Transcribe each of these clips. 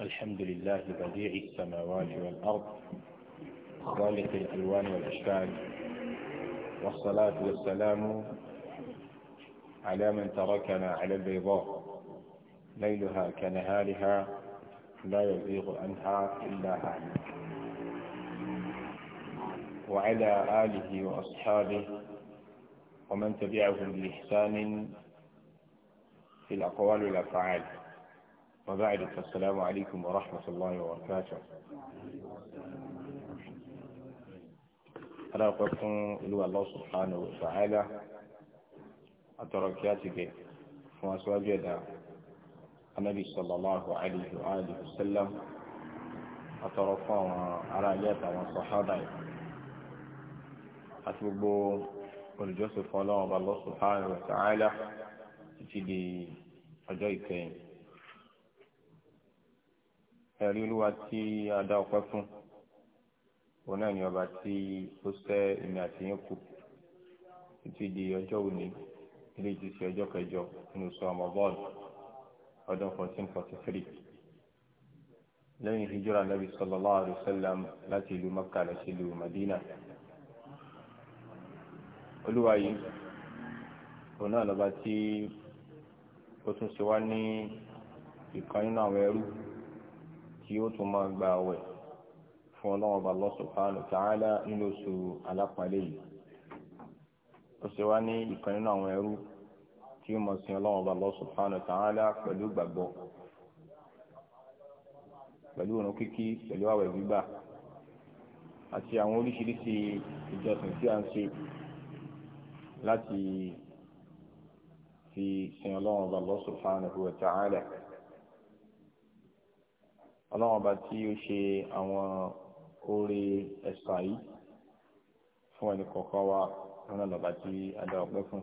الحمد لله بديع السماوات والأرض خالق الألوان والأشكال والصلاة والسلام على من تركنا على البيضاء ليلها كنهارها لا يزيغ عنها إلا هالك وعلى آله وأصحابه ومن تبعهم بإحسان في الأقوال والأفعال وبعد فالسلام عليكم ورحمة الله وبركاته أنا أقفكم إلو الله سبحانه وتعالى أتركاتك فأسواجد النبي صلى الله عليه وآله وسلم أترفع على جات وصحابة أتبقوا والجسف الله سبحانه وتعالى تجد أجيتين ẹ̀rí olúwa tí a dá ọpẹ́ fún òun náà ni ọba tí ó ṣẹ́ èmi àti yín kù títí di ọjọ́ òní ilé ti ṣe ọjọ́ kẹjọ nínú sọ ọmọ bọ́ọ̀lù ọdún fourteen lẹ́yìn hijira nabi sallallahu alayhi wa sallam láti ìlú makka lọ sí ìlú madina olúwa yìí òun náà lọ́ba tí ó tún ṣe wá ní ìkan nínú àwọn ẹrú tí ó tún máa gba àwẹ̀ fún ọlọ́run ọba Allah subhanahu wa ta'ala nínú oṣù alápàlẹ́ yìí ó ṣe wá ní ìkan nínú àwọn ẹrú tí ó máa sin ọlọ́run ọba Allah subhanahu wa pẹ̀lú ìgbàgbọ́ pẹ̀lú òun kíkí pẹ̀lú àwẹ̀ gbígbà àti àwọn oríṣiríṣi ìjọsìn tí a ń ṣe láti fi sin ọlọ́run ọba Allah subhanahu wa ọlọ́wọ́n bá tí ó ṣe àwọn oore ẹ̀sà yìí fún ẹnì kọ̀ọ̀kan wa wọn náà lọ́ba tí a dá ọpẹ́ fún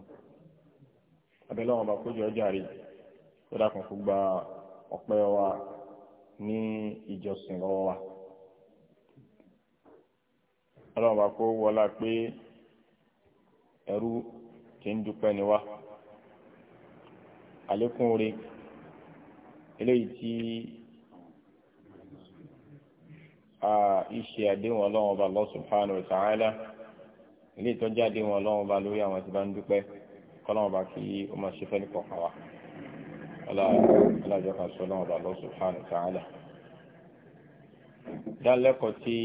abẹ́ lọ́wọ́n bá kójú ọjà rè ó dákun fún gba ọpẹ́ wa ní ìjọsìn lọ́wọ́ wa ọlọ́wọ́n bá kó wọlá pé ẹrú tí ń dúpẹ́ ni wá àlékún oore eléyìí tí. ìṣe àdéhùn ọlọ́run ọba Allah subhanahu ilé ìtọ́jú àdéhùn ọlọ́run ọba lórí àwọn tí ń dúpẹ́ kọ́lọ́run ọba kí ó máa ṣe fẹ́ni kọ̀ọ̀kan wa alájọ kan sọ ọlọ́run ọba Allah dálẹ́kọ̀ọ́ tí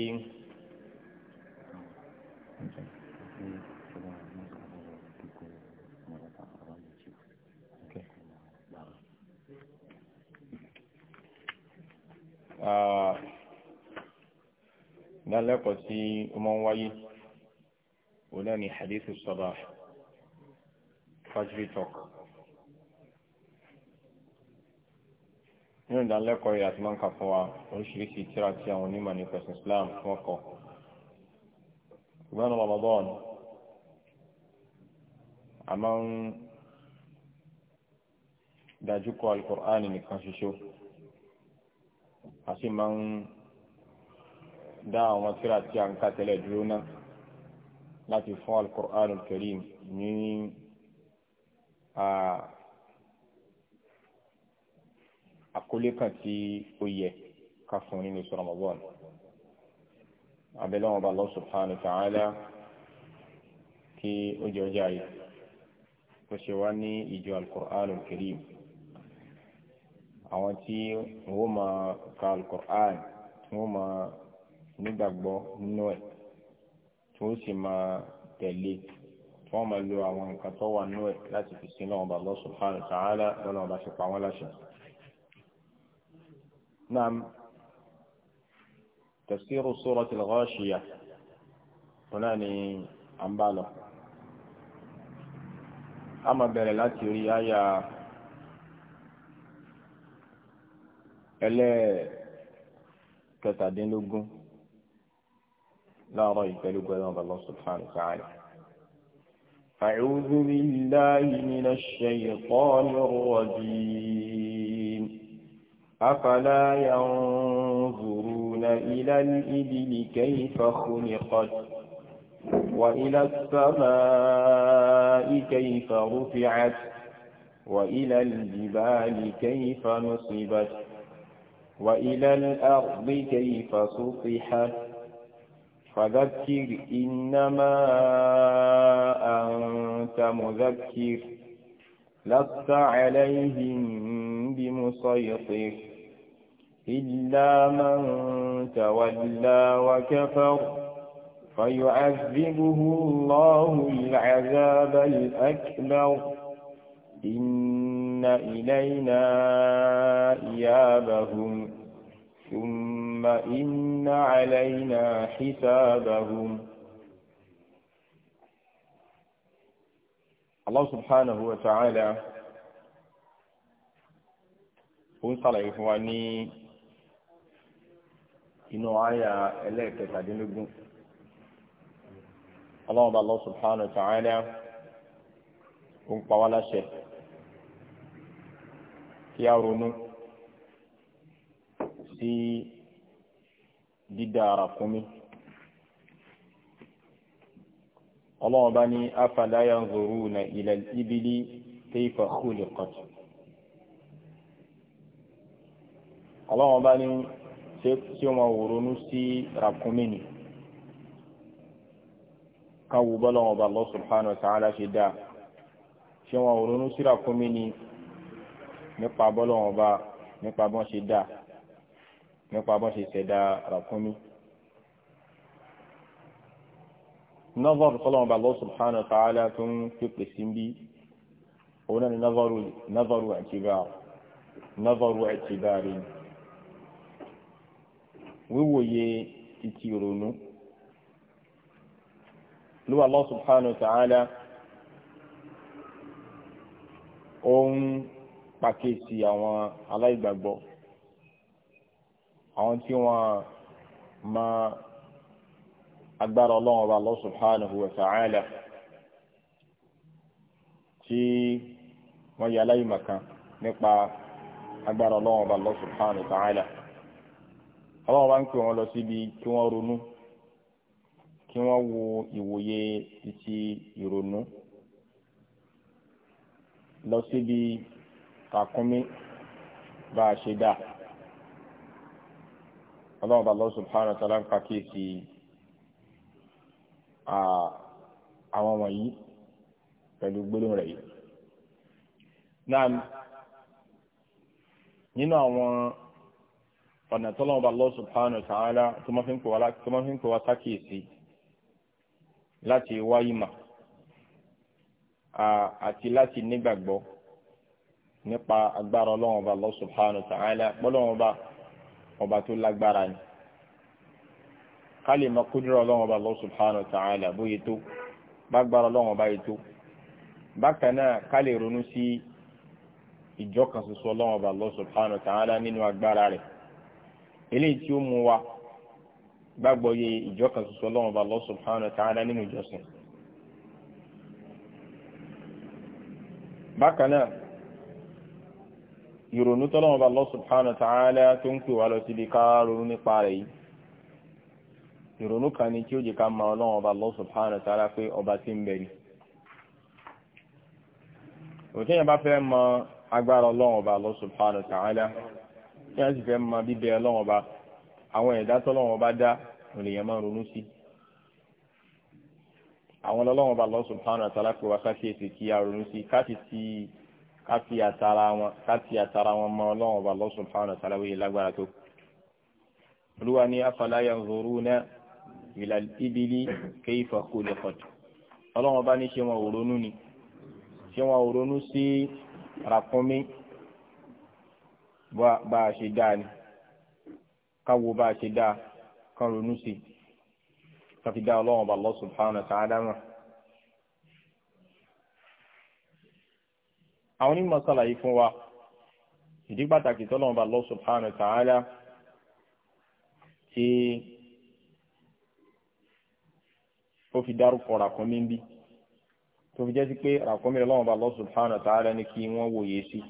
Uh, ìdánilẹ́kọ̀ọ́ tí ó máa ń wáyé òun náà ni hadith sabah fajri talk nínú ìdánilẹ́kọ̀ọ́ rẹ̀ àti máa ń kà fún wa oríṣiríṣi tíra tí àwọn onímọ̀ ní pẹ̀sìn Islam fún ọkọ̀ ìgbọ́n Ramadan a máa ń dájú kọ al nìkan ṣoṣo a sì máa ń dá àwọn tírà tí a ń ká tẹ́lẹ̀ dúró náà láti fún al-Qur'an al-Karim ní àkólé kan tí ó yẹ ká fún nínú oṣù Ramadan abẹ́lẹ́ wọn bá Allah subhanahu wa ta'ala kí ó jẹ́ ọjà yìí kó ṣe wá ní ìjọ al-Qur'an àwọn tí wọ́n máa ka al wọ́n máa nígbàgbọ́ nínú ẹ̀ tí wọ́n sì máa tẹ̀lé tí wọ́n máa lo àwọn nǹkan tó wà nínú ẹ̀ láti fi sin lọ́wọ́ Allah subhanahu wa ta'ala lọ́nà ọba ṣe pa wọ́n láṣẹ. Naam tafsiru suratul Ghashiyah wọn náà ni à ń bá lọ. a máa bẹ̀rẹ̀ láti orí àyà ẹlẹ́ẹ̀kẹtàdínlógún. لا ريب لقلب الله سبحانه وتعالى أعوذ بالله من الشيطان الرجيم أفلا ينظرون إلى الإبل كيف خلقت وإلى السماء كيف رفعت وإلى الجبال كيف نصبت وإلى الأرض كيف سطحت فذكر إنما أنت مذكر لست عليهم بمسيطر إلا من تولى وكفر فيعذبه الله العذاب الأكبر إن إلينا إيابهم ثم إن علينا حسابهم Allah subhanahu wa ta'ala ó ń sàlàyé fún wa ní inú àyà ẹlẹ́ẹ̀kẹtàdínlógún ọlọ́run bá Allah subhanahu wa ta'ala ó ń pa wá láṣẹ kí a ronú sí dídá ràkúnmí ọlọ́run bá ní afala yanzuruna ila al-ibili kayfa khuliqat ọlọ́run bá ní tí ó máa wòrónú sí ràkúnmí ni kan wù bọ́ lọ́wọ́ bá Allah subhanahu wa ṣe dáa ṣé wọn ò ronú sí ràkúnmí ni nípa bọ́ bá nípa bọ́n ṣe dáa nípa bọ́n ṣe ṣẹ̀dá ràkúnmí. nọ́vọ́r sọ́lọ́mù bàbá subhanahu wa ta'ala tó ń pèpè sí bí òun náà ni nọ́vọ́rù àtibáàrù nọ́vọ́rù àtibáàrù wíwòye títí ìrònú lúwa Allah subhanahu wa ta'ala pàkíyèsí àwọn aláìgbàgbọ́ àwọn tí wọ́n máa agbára ọlọ́run ọba Allah subhanahu wa ta'ala tí wọ́n yà láyé màkàn nípa agbára ọlọ́run ọba Allah subhanahu wa ta'ala ọlọ́run bá ń pè wọ́n lọ síbi kí wọ́n ronú kí wọ́n wo ìwòye títí ìrònú lọ síbi kàkúnmí bá a ṣe dáa ọlọ́run bá Allah subhanahu wa ta'ala ń pàkíyèsí àwọn wọ̀nyí pẹ̀lú gbólóhùn rẹ̀ yìí. náà nínú àwọn ọ̀nà tọ́lọ́run bá Allah subhanahu wa ta'ala tó máa fi ń pè wá sákìyèsí láti wáyé mà àti láti nígbàgbọ́ nípa agbára ọlọ́run bá Allah subhanahu wa ta'ala bọ́lọ́run bá ọba tó lágbára ni ká lè mọ kúndúrà ọlọ́run ọba Allah subhanahu wa ta'ala bóyá tó bágbára ọlọ́run ọba yìí tó bákan náà ká lè ronú sí ìjọkan ṣoṣo ọlọ́run ọba Allah subhanahu wa ta'ala nínú agbára rẹ̀ eléyìí tí ó mú wa gbàgbọ́ yẹ ìjọkan ọlọ́run ọba Allah subhanahu wa ta'ala nínú ìjọsìn. bákan náà ìrònú tọ́lọ́mọba Allah subhanahu wa ta'ala tó ń pè wá lọ síbi ká ronú nípa rẹ̀ yìí ìrònú kan ni tí ó jẹ́ ká mọ̀ ọlọ́mọba Allah subhanahu wa ta'ala pé ọba tí ń bẹ̀rẹ̀ òtẹ́yìn bá fẹ́ mọ̀ agbára ọlọ́mọba Allah subhanahu wa ta'ala tí wọ́n sì fẹ́ mọ̀ bíbẹ ọlọ́mọba àwọn ẹ̀dá tọ́lọ́mọba dá òlèyàn máa ronú sí àwọn ọlọ́mọba Allah subhanahu wa ta'ala pé wá ká káfí àtàrà wọn káfí àtàrà wọn mọ ọlọ́run ọba Allah subhanahu wa ta'ala wíyẹ lágbára tó. olúwa ní afala yanzuruna ila al-ibili kayfa khuliqat ọlọ́run ọba ní ṣé wọn ò ronú ni ṣé wọn ò ronú sí ràkúnmí bá a ṣe dáa ni káwo bá a ṣe dáa kan ronú sí káfí dá ọlọ́run ọba Allah subhanahu wa ta'ala mọ́. àwọn onímọ̀ sàlàyé fún wa ìdí pàtàkì tọ́lọ́mọba Allah subhanahu wa ta'ala tí ó fi dárúkọ ràkúnmí ń bí tó fi jẹ́ sí pé ràkúnmí ọlọ́mọba Allah subhanahu wa ta'ala ní kí wọ́n wòye sí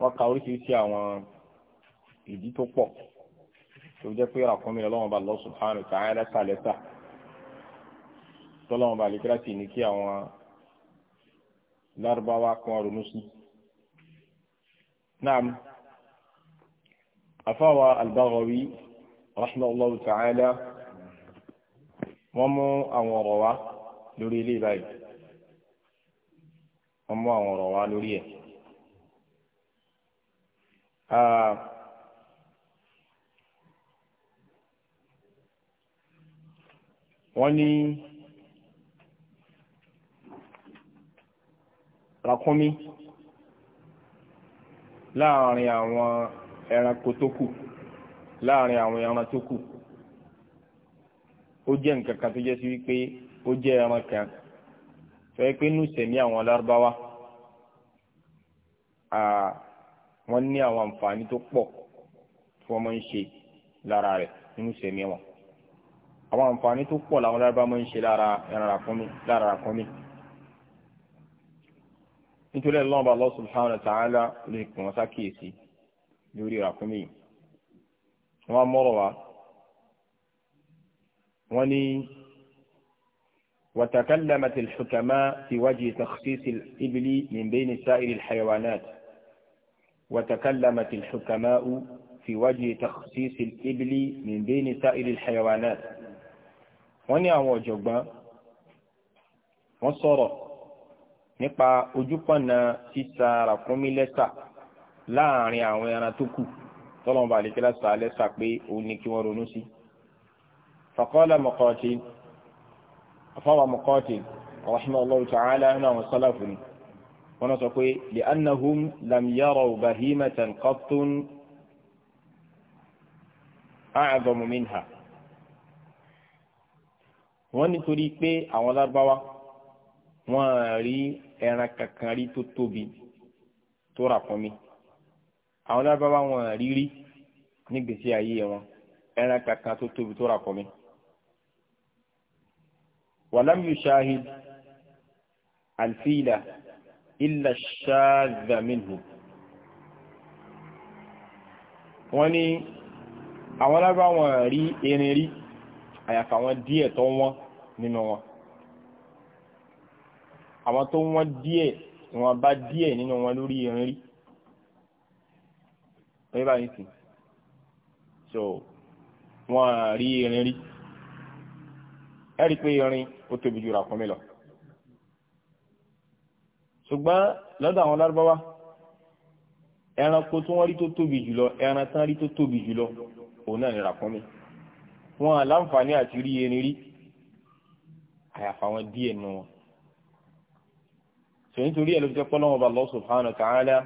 wọ́n ka oríṣiríṣi àwọn ìdí tó pọ̀ tó fi jẹ́ pé ràkúnmí ọlọ́mọba Allah subhanahu ta'ala sàlẹ́sà tọ́lọ́mọba àlekírásì ní kí àwọn lárúbáwá kan ronú sí. naam afáwa albaghawi rahimahullahu ta'ala wọ́n mú àwọn ọ̀rọ̀ wá lórí ilé báyìí wọ́n mú àwọn ọ̀rọ̀ wá lórí ẹ̀. Ah, wọ́n ní. ràkúnmí láàrin àwọn ẹranko tó kù láàrin àwọn ẹran tó kù ó jẹ́ nǹkan kan tó jẹ́ sí wípé ó jẹ́ ẹran kan tó yẹ pé inú sẹ̀mí àwọn lárúbáwá wọ́n ní àwọn àǹfààní tó pọ̀ tí wọ́n máa ń ṣe lára rẹ̀ nínú sẹ̀mí wọn àwọn àǹfààní tó pọ̀ làwọn lárúbáwá máa ń ṣe lára ẹran ràkúnmí lára ràkúnmí. nítorí ẹ̀ lọ́wọ́ bá Allah subhanahu wa ta'ala lè pè wọ́n sákèésí lórí ràkúnmí wọ́n mọ́rọ̀ wá wọ́n ní وتكلمت الحكماء في وجه تخصيص الإبل من بين سائر الحيوانات وتكلمت الحكماء في وجه تخصيص الإبل من بين سائر الحيوانات وني ونعم وجبا وصرف nípa ojúpọ̀nà sísa ràkúnmí lẹ́sà láàrin àwọn ẹran tó kù tọ́lọ́mọba àlekẹ́lá sà lẹ́sà pé òun ni kí wọ́n ronú sí. faqala Muqatil afọwọ́ Muqatil rahimahullahu ta'ala nínú àwọn sálàfù ni wọ́n sọ pé li'annahum lam yaraw bahimatan qattun a'zamu minha wọ́n nítorí pé àwọn lárúbáwá wọ́n rí ẹran kankan rí tó tóbi tó rà fún mi àwọn lábábá wọn rírí nígbèsí ayé wọn ẹran kankan tó tóbi tó rà fún mi. wàlámù ṣáhid alfila ilà ṣáàzàmínú wọn ní àwọn lábábá wọn rí erin rí àyàfà wọn díẹ̀ tó wọn nínú wọn àwọn tó wọ́n díẹ̀ ìwọ̀n bá díẹ̀ nínú wọn lórí irin rí ẹ bá yín sìn so wọ́n rí irin rí ẹ rí i pé irin ó tóbi ju ràkúnmí lọ ṣùgbọ́n lọ́dọ̀ àwọn lárúbáwá ẹranko tí wọ́n rí tó tóbi jùlọ ẹran tán rí tó tóbi jùlọ òun náà ni ràkúnmí wọn àláǹfààní àti rí irin rí àyàfà wọn díẹ̀ nù wọn sọ nítorí ẹ̀ ló fi jẹ́ pọ́lọ́wọ́ bá Allah subhanahu wa ta'ala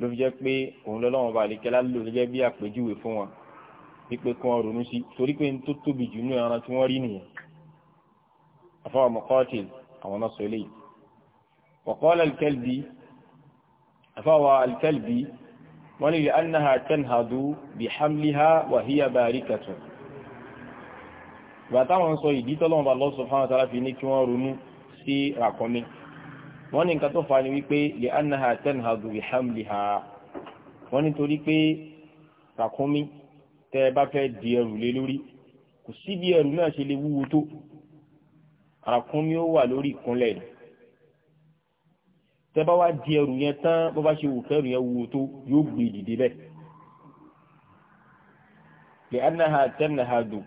ló fi jẹ́ pé òun lọ́lọ́wọ́ bá àlekẹ́lá lò gẹ́gẹ́ bí àpèjúwe fún wọn wípé kí wọ́n ronú sí torí pé tó tóbi jù nínú ẹran tí wọ́n rí nìyẹn àfọwọ́ Muqatil àwọn náà sọ eléyìí wa qala al-Kalbi àfọwọ́ al-Kalbi wọ́n ní annaha tanhadu bihamliha wa hiya barikatun wọn sọ ìdí tọ́lọ́wọ́ bá Allah subhanahu fi ní kí wọ́n ronú sí ràkọ́mí wọ́n ní nǹkan tó fa ni wípé lè anaha tanhadu bi hamliha wọ́n nítorí pé ràkúnmí tẹ́ ẹ bá fẹ́ di ẹrù lé lórí kò sí bí ẹrù náà ṣe lè wúwo tó ràkúnmí ó wà lórí ìkúnlẹ̀ ni tẹ́ bá wá di ẹrù yẹn tán bó bá ṣe wù fẹ́rù yẹn wúwo tó yóò gbé e dìde bẹ́ẹ̀ lè anaha tanhadu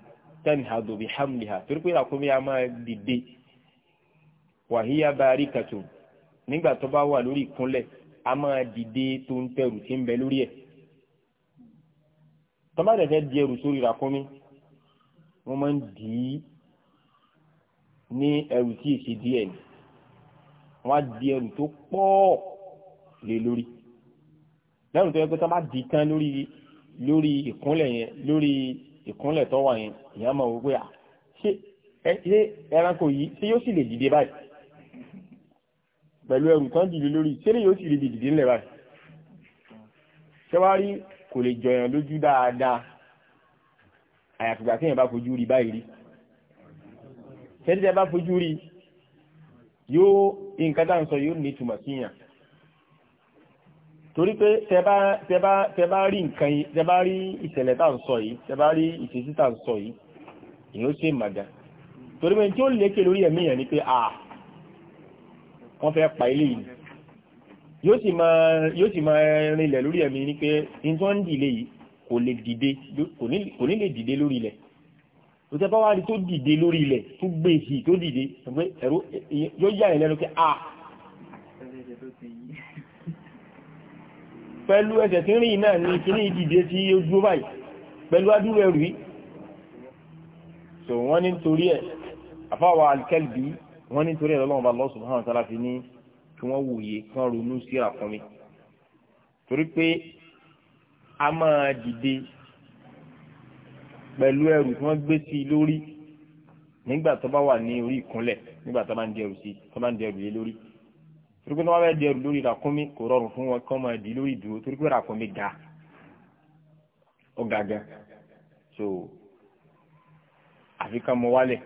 tanhadu bi hamliha torí pé ràkúnmí a máa dìde wàhíyá bá rí kàtó nígbà tó bá wà lórí ìkúnlẹ̀ a máa dìde tó ń tẹrù tí ń bẹ lórí ẹ̀ tó bá dẹ̀fẹ́ di ẹrù sórí ràkúnmí wọ́n máa ń dì í ní ẹrù tí èsì díẹ̀ ni wọ́n á di ẹrù tó pọ̀ lé lórí lẹ́rù tó yẹ pé tó bá di tán lórí lórí ìkúnlẹ̀ yẹn lórí ìkúnlẹ̀ tó wà yẹn ìyá máa wọ pé ṣé ẹranko yìí ṣé yóò sì lè dìde báyìí pẹ̀lú ẹrù tán dìde lórí ṣé lè yóò sì rí ibi dìde ńlẹ̀ báyìí ṣẹ́wárí kò lè jọyàn lójú dáadáa àyàfìgbà kéèyàn bá fojú rí báyìí rí ṣẹ́ni tẹ́ bá fojú rí yóò nǹkan tá à ń sọ yóò ní ìtumọ̀ síyàn torí pé tẹ́ bá tẹ́ bá tẹ́ bá rí nǹkan yìí tẹ́ bá rí ìṣẹ̀lẹ̀ tá à ń sọ yìí tẹ́ bá rí ìṣesí tá à ń sọ yìí èyí ṣe màgà torí pé tí ó lékè lórí ẹ̀mí yẹn ni pé ah wọ́n fẹ́ pa ilé yìí yóò sì máa rinlẹ̀ lórí ẹ̀mí ni pé ní tí wọ́n ń dìlé yìí kò lè dìde kò ní lè dìde lórí ilẹ̀ tó tẹ́ bá wá rí tó dìde lórí ilẹ̀ tó gbé sí tó dìde ẹ̀rọ yóò yà ẹ̀ lẹ́nu pé a ah! pẹ̀lú ẹsẹ̀ tí ń rìn náà ni kí ní ìdìde tí ó dúró báyìí pẹ̀lú adúrú ẹrù yìí so wọ́n ní torí ẹ̀ àfáwà alkẹ́lbí wọ́n ní torí ẹ̀rọ Allah subhanahu wa ta'ala fi ní kí wọ́n wòye kí wọ́n ronú sí àkọ́mi torí pé a máa dìde pẹ̀lú ẹrù tí wọ́n gbé sí i lórí nígbà tó bá wà ní orí ìkúnlẹ̀ nígbà tó bá ń di ẹrù sí tó bá ń di ẹrù yé lórí torí pé tó bá bá di ẹrù lórí ràkúnmí kò rọrùn fún wọn kí wọ́n máa di lórí ìdúró torí pé ràkúnmí ga ó ga gan so àfi ká mọ wálẹ̀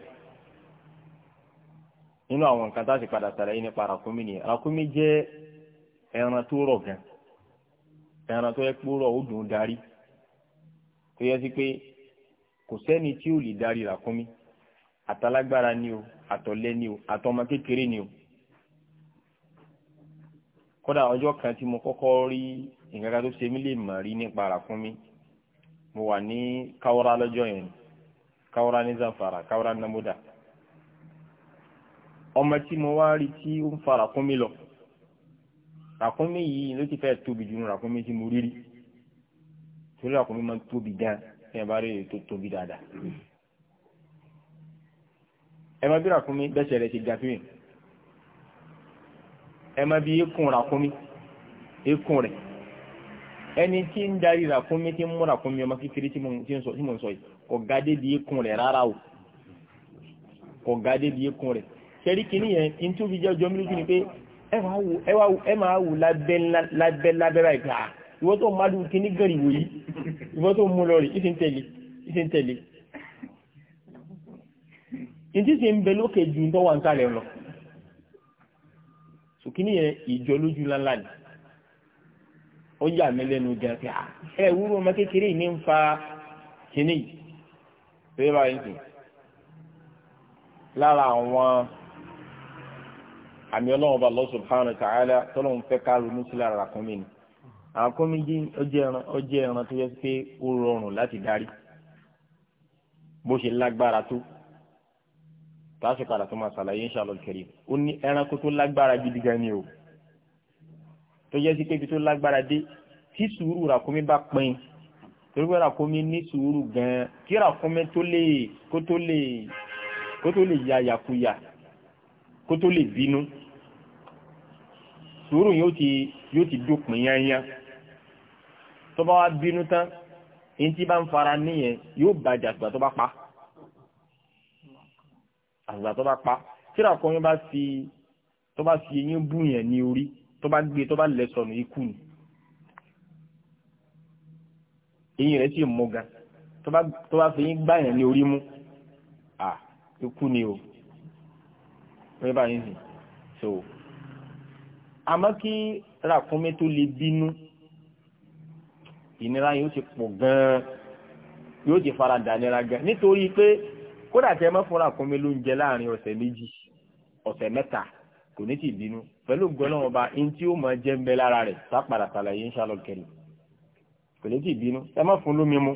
nínú àwọn nǹkan tá a sì padà sàlàyé nípa ràkúnmí ni ràkúnmí jẹ́ ẹran tó rọ̀ gan ẹran tó yẹ pé ó rọ̀ ó dùn darí tó yẹ sí pé kò sẹ́ni tí ò lè darí ràkúnmí àtàlágbára ni o àtọ̀lẹ ni o àtọmọ kékeré ni o kódà ọjọ́ kan tí mo kọ́kọ́ rí nǹkan kan tó ṣe mí lè mọ̀ rí nípa ràkúnmí mo wà ní káwọ́rá lọ́jọ́ yẹn káwọ́rá ní zamfara káwọ́rá namuda ọmọ tí mo wá rí tí ó ń fa ràkúnmí lọ ràkúnmí yìí ló ti fẹ́ tóbi jù ràkúnmí tí mo rí rí torí ràkúnmí máa ń tóbi gan ẹ bá rí ètò tóbi dáadáa ẹ máa bí ràkúnmí bẹ́sẹ̀ rẹ̀ ti ga tó yẹn ẹ máa bí eékún ràkúnmí eékún rẹ̀ ẹni tí ń darí ràkúnmí tí ń mú ràkúnmí ọmọ kékeré tí mo ń sọ yìí kò gádé bí eékún rẹ̀ rárá o kò gádé bí eékún rẹ̀ tẹ̀rí kìíní yẹn in tó fi jẹ́ ọjọ́ mílíkì ni pé ẹ máa wù lábẹ́ lábẹ́rà ìgbà ah, ìwọ tó máa dùn kìíní gẹ̀rì wòyí ìwọ tó mú lọ rí ìsì ń tẹ̀lé ìsì ń tẹ̀lé ìdí sì ń bẹ lókè ju tó wà ń sàlẹ̀ lọ sò kìíní yẹn ìjọ lójú ńláńlá ni ó yà mí lẹ́nu gan pé ah, ẹ wúrò ọmọ kékeré yìí ní ń fa kìíní lára àwọn àmì ọlọ́run ọba Allah subhanahu wa ta'ala tọ́lọ́run fẹ́ ká ronú sí lára ràkúnmí ni àkúnmí jí ọjẹ́ ẹran ọjẹ́ ẹran tó yẹ pé ó rọrùn láti darí bó ṣe lágbára tó tàṣí padà tó máa ṣàlàyé inshallah karim ó ní ẹranko tó lágbára gidi gan ni o tó yẹ sí pé ibi tó lágbára dé tí sùúrù ràkúnmí bá pin torí pé ràkúnmí ní sùúrù gan kí ràkúnmí tó lè kó tó lè kó tó lè ya yàkuyà kó tó lè bínú sùúrù yóò ti yóò ti dópin yányá tó bá wá bínú tán ní tí bá ń fara níyẹn yóò bàjẹ́ àtùgbà tó bá pa àtùgbà tó bá pa tíra kan yóò bá fi tó bá fi eyín bù yẹn ní orí tó bá gbé tó bá lẹ̀ sọnù ikú ni eyín rẹ̀ sì mú gan tó bá tó bá fi eyín gbá yẹn ní orí mú à ikú ni o wọ́n yẹ báyìí nì so àmọ́ kí ràkúnmí tó lè bínú ìnira yóò ti pọ̀ gan-an yóò ti fara dànira gan nítorí pé kódà tẹ mọ́ fún ràkúnmí ló ń jẹ láàrin ọ̀sẹ̀ méjì ọ̀sẹ̀ mẹ́ta kò ní ti bínú pẹ̀lú gbọ́nà ọba in tí ó mọ̀ jẹ́ ń bẹ lára rẹ̀ sápàdà sàlàyé ń ṣàlọ́ kẹlẹ̀ kò ní ti bínú ẹ má fún lómi mu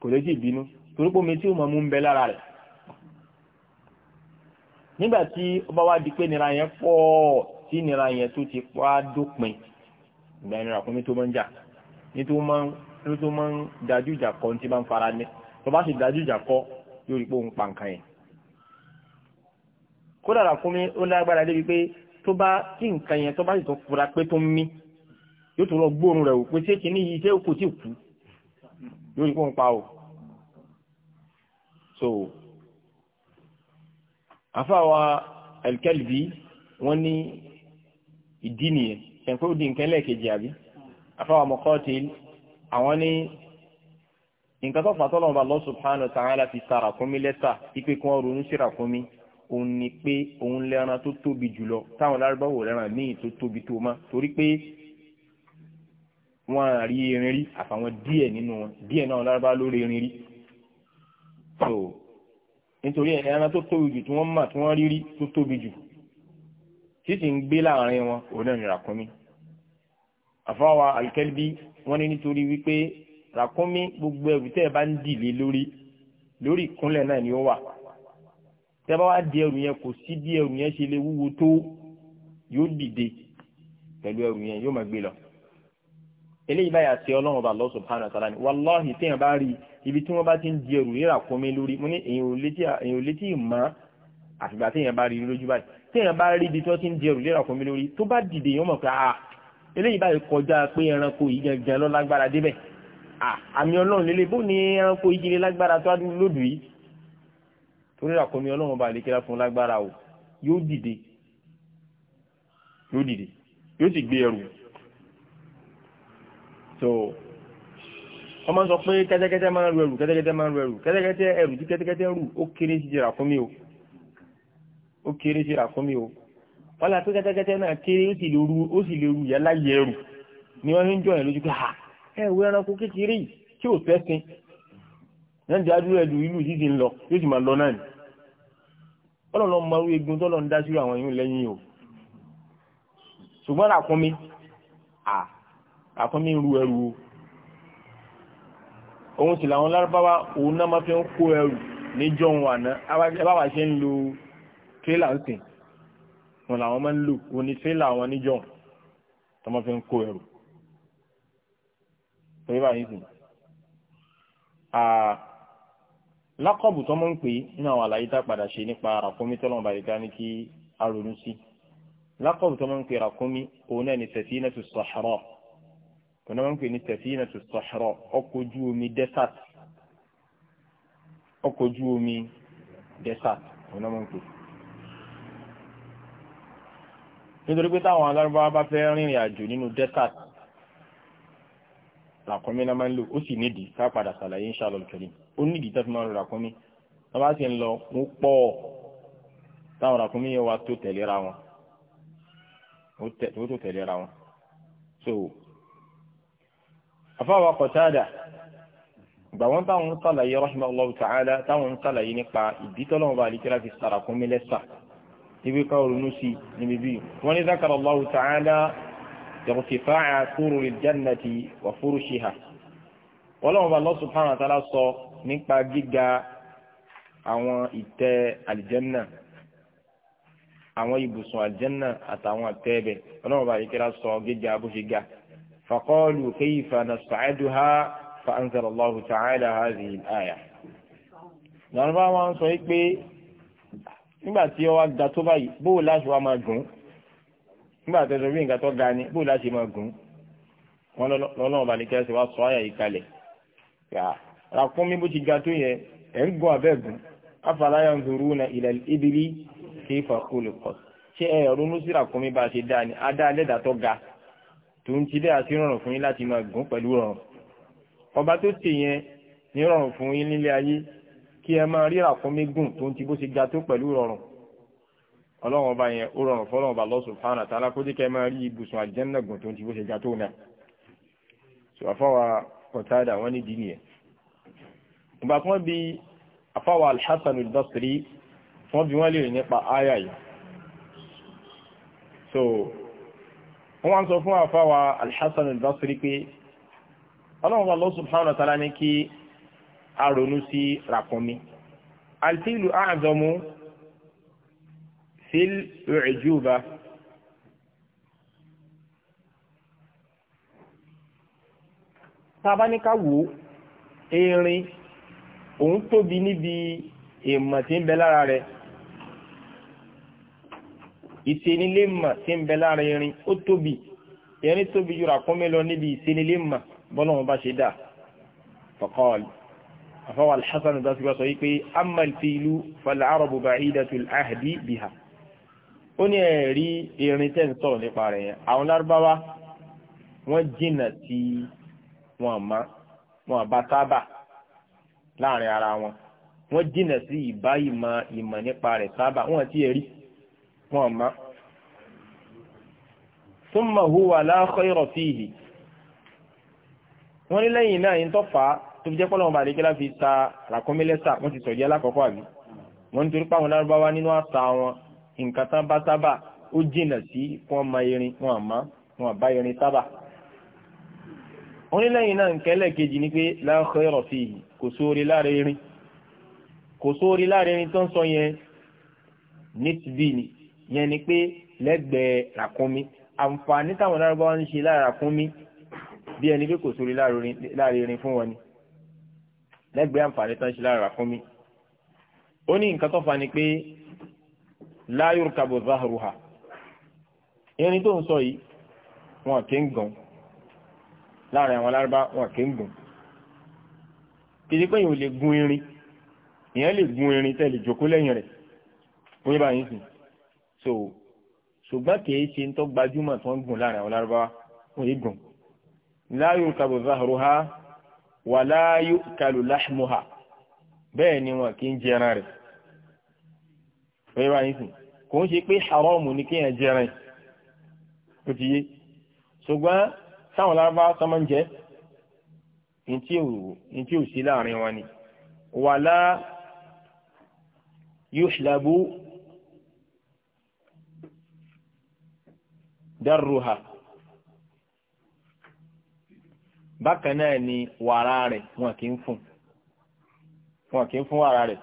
kò ní ti bínú torí pé omi tí ó mọ̀ mú ń bẹ lára rẹ̀ nígbà tí ọba wa di pé nira yẹn pọ̀ tí ìnira yẹn tó ti pa á dópin ìgbà ìnira kún mi tó máa ń jà nítorí tó máa ń dájú ìjà kọ ní tí bá ń fara ní tó bá sì dájú ìjà kọ yóò rí pé òun pa nǹkan yẹn. kódà ràkúnmí ó lágbára débi pé tó bá tí nǹkan yẹn tó bá sì tó fura pé tó ń mí yóò tó lọ gbóòórùn rẹ̀ pé ṣé kìíní yìí ṣé kò tí kú yóò rí pé òun pa o. so àfàwà alkalbi wọ́n ní ìdí nìyẹn ṣẹ̀pẹ́ ó di nǹkan lẹ́ẹ̀kejì àbí afáwọn Muqatil àwọn ní nǹkan tó fà tọ́lọ́mọba Allah subhanahu wa ta'ala fi sa ràkúnmí lẹ́sà ipe kí wọ́n ronú sí ràkúnmí òun ni pé òun lẹ́ran tó tóbi jùlọ táwọn lárúbáwò lẹ́ran míì tó tóbi tó má torí pé wọ́n rí erin rí àfàwọn díẹ̀ nínú wọn díẹ̀ náà lárúbá lórí erin rí so nítorí ẹran tó tóbi jù tí wọ́n mà tí wọ́n rí rí tó tóbi jù tí sì ń gbé láàrin wọn òun náà ni ràkúnmí àfọwà alkẹ́lbí wọ́n ní nítorí wípé ràkúnmí gbogbo ẹrù tẹ́ ẹ bá ń dìlé lórí lórí ìkúnlẹ̀ náà ni ó wà tẹ́ bá wá di ẹrù yẹn kò sí bí ẹrù yẹn ṣe lè wúwo tó yóò dìde pẹ̀lú ẹrù yẹn yóò máa gbé lọ eléyìí báyà sí ọlọ́run ọba Allah subhanahu wa ta'ala ni wàláhì téèyàn bá rí ibi tí wọ́n bá ti ń di ẹrù rírà kọ́mi lórí mo ní èèyàn ò létí ìmọ̀ àfìgbà téèyàn bá rí lójú báyìí téèyàn bá rí ibi tí wọ́n ti ń di ẹrù lé ràkúnmí lórí tó bá dìde yẹn mọ̀ pé ah eléyìí báyìí kọjá pé ẹranko yìí gangan lọ lágbára débẹ̀ ah àmì ọlọ́run lélẹ̀ bó ni ẹranko yìí lè lágbára tó lódù yìí torí ràkúnmí ọlọ́run bá lè kíra fún lágbára o yóò dìde yóò dìde yóò sì gbé ẹrù so ọmọ sọ pé kẹ́tẹ́kẹ́tẹ́ máa ń ru ẹrù kẹ́tẹ́kẹ́tẹ́ máa ń ru ẹrù kẹ́tẹ́kẹ́tẹ́ ẹrù tí kẹ́tẹ́kẹ́tẹ́ ń rù ó kéré sí jẹrà fún mi o ó kéré sí ràkúnmí o wọ́n la pé kẹ́tẹ́kẹ́tẹ́ náà kéré ó sì lè ru ó sì lè ru yàrá yẹrù ni wọ́n fi ń jọ yẹn lójú pé ha ẹ wo ẹranko kékeré yìí tí ò tẹ́sìn náà di adúlọ ẹ̀dùn ìlú yìí ti ń lọ yóò sì máa lọ náà ni ọlọ́lọ́ mọ̀rú egun tọ́lọ́ ń dá sí àwọn yìí lẹ́yìn o ṣùgbọ́n ràkúnmí à ràkúnmí ń ru ẹrù o òun sì làwọn lárúbáwá òun náà máa fi ń kó ẹrù níjọ́ wọn àná ẹ bá wà ṣe ń lo tírélà ń sìn wọn làwọn máa ń lò wọn ni tírélà wọn níjọ tó máa fi ń kó ẹrù pé báyìí sìn lákọ̀bù tó máa ń pè nínú àwọn àlàyé tá padà ṣe nípa ràkúnmí tó lọ́nà bàyìí ká ní kí a ronú sí lákọ̀bù tó máa ń pè ràkúnmí òun náà ni safinatu sahara òun náà máa ń pè ní safinatu sahara ọkọ̀ ojú omi desert ọkọ̀ ojú omi desert òun náà máa ń pè nítorí pé táwọn alárúbáwá bá fẹ́ rìnrìn àjò nínú desert làkúnmí náà máa ń lò ó sì nídìí ká padà ṣàlàyé inshallah al-karim ó nídìí tó fi máa ń lo làkúnmí wọ́n bá sì ń lọ wọ́n pọ̀ táwọn làkúnmí yẹn wá tó tẹ̀léra wọn ó tó tẹ̀léra wọn so afáwa Qatada gbà wọn táwọn ń ṣàlàyé rahimahullahu ta'ala táwọn ń ṣàlàyé nípa ìdítọ́lọ́wọ́n bá àlíkẹ́lá fi sàràkúnmí ibi ká ronú sí níbi bí wọ́n ní zákàrà Allahu ta'ala irtifa'a sururi jannati wa furushiha wọ́n lọ́wọ́ bá Allah subhanahu wa ta'ala sọ nípa gíga àwọn ìtẹ́ àlìjẹ́nà àwọn ibùsùn àlìjẹ́nà àtàwọn àtẹ́ẹ̀bẹ̀ ọlọ́run bá yíkẹ́ra sọ gíga bó ṣe ga faqalu kayfa nas'aduha fa anzala Allahu ta'ala hadhihi al-aya. bá wọn sọ pé nígbà tí ó wá ga tó báyìí bóò láti wá máa gùn nígbà tó sọ bí nǹkan tó ga ni bóò láti máa gùn wọn lọ́nà balẹ̀kẹ́ ṣe wá sọ àyà yìí kalẹ̀ yà ràkúnmí bó ti ga tó yẹ ẹ̀ ń gùn abẹ́ gùn afàlàyà ń zòrú na ilẹ̀ ibili kí fàkúlù kọ ṣé ẹ ronú sí ràkúnmí bá ṣe dáa ni adá lẹ́dà tó ga tó ń ti bẹ́ẹ̀ àti rọrùn fún yín láti máa gùn pẹ̀lú rọrùn ọba tó ṣe yẹn ní rọrùn fún yín nílé ayé kí ẹ máa rí ràkúnmí gùn tó ń ti bó ṣe ga tó pẹ̀lú rọrùn ọlọ́run ọba yẹn ó rọrùn fọlọ́run ọba Allah subhanahu wa ta'ala kó dé kẹ́ máa rí ibùsùn àlùjánnà gùn tó ń ti bó ṣe ga tó náà sọ àfọwà ọ̀tádà wọn ní dì nìyẹn ìgbà tí wọ́n bi àfọwà al-Hasan al-Basri wọ́n bi wọ́n lè nípa àyà yìí so wọ́n wá ń sọ fún àfọwà al-Hasan al-Basri pé ọlọ́run ọba Allah subhanahu wa ní kí a ronú sí ràkúnmí alfilu a'zamu fil u'juba tába ní ká wò ó erin òun tóbi níbi èèmọ̀ tí ń bẹ lára rẹ̀ ìsenilémọ̀ tí ń bẹ lára erin ó tóbi erin tóbi yóò rà lọ níbi ìsenilémọ̀ bọ́lá wọn bá ṣe dà faqal àfọwà alhassan dá síwá sọ wípé amalfilu fal'arabu ba'idatul ahdi biha ó ní ẹ̀rí irin tẹ́ ń sọ̀rọ̀ nípa rẹ̀ yẹn àwọn lárúbáwá wọ́n jìnnà sí wọn àmá wọn àbá sábà láàrin ara wọn wọ́n jìnnà sí ìbá ìmọ̀ ìmọ̀ nípa rẹ̀ sábà wọ́n ti ẹ̀rí wọn àmá thumma huwa la khayra fihi wọ́n ní lẹ́yìn náà yìí tó fà tó fi jẹ́ pọ́lọ̀ ọba àdékẹ́lá fi ta ràkúnmílẹ́sà wọ́n ti sọ̀jẹ́ alákọ̀ọ́kọ́ àbí wọ́n nítorí pàwọn lárúbáwá nínú àṣà wọn nǹkan tán bá sábà ó jìnà sí fún ọmọ irin wọn àmọ́ wọn àbá irin sábà onílẹ̀yìn náà nkẹ́lẹ̀ kejì ni pé láàkọ́ ẹ̀rọ̀ sí i kò sóore lára irin kò sóore lára irin tó ń sọ yẹn nítìbí ni yẹn ni pé lẹ́gbẹ̀ẹ́ ràkúnmí àǹfààní táwọn lárúbáwá ń ṣe lára ràkúnmí bí ẹni pé kò sóore lára irin fún wọn ni lẹ́gbẹ̀ẹ́ àǹfààní tán ṣe lára fún mi ó ní nǹkan tó fa ni pé láyò kabo zahruha ẹni tó ń sọ yìí wọn kì í gùn láàrin àwọn alárúbá wọn kì í gùn kìí pé lè gun irin èèyàn lè gun irin tẹ́ lè jókòó lẹ́yìn rẹ̀ ó yẹ báyìí sùn so ṣùgbọ́n kìí ṣe ń tó gbajúmọ̀ tó ń gùn láàrin àwọn alárúbá wọn yìí gùn láyò kabo zahruha wàlá yu'kalu lahmuha bẹ́ẹ̀ ni wọn kì í jẹran rẹ̀ fẹ́ẹ́rẹ́ àyínsìn kò ń ṣe pé haram ni kéèyàn jẹran tó ti yé ṣùgbọ́n táwọn lárúbá sọmọ ń jẹ ntí sí láàrin wọn ni wàlá yuhlabu darruha. bákan náà ni wàrà rẹ̀ wọn kì í fún wọn kì í fún wàrà rẹ̀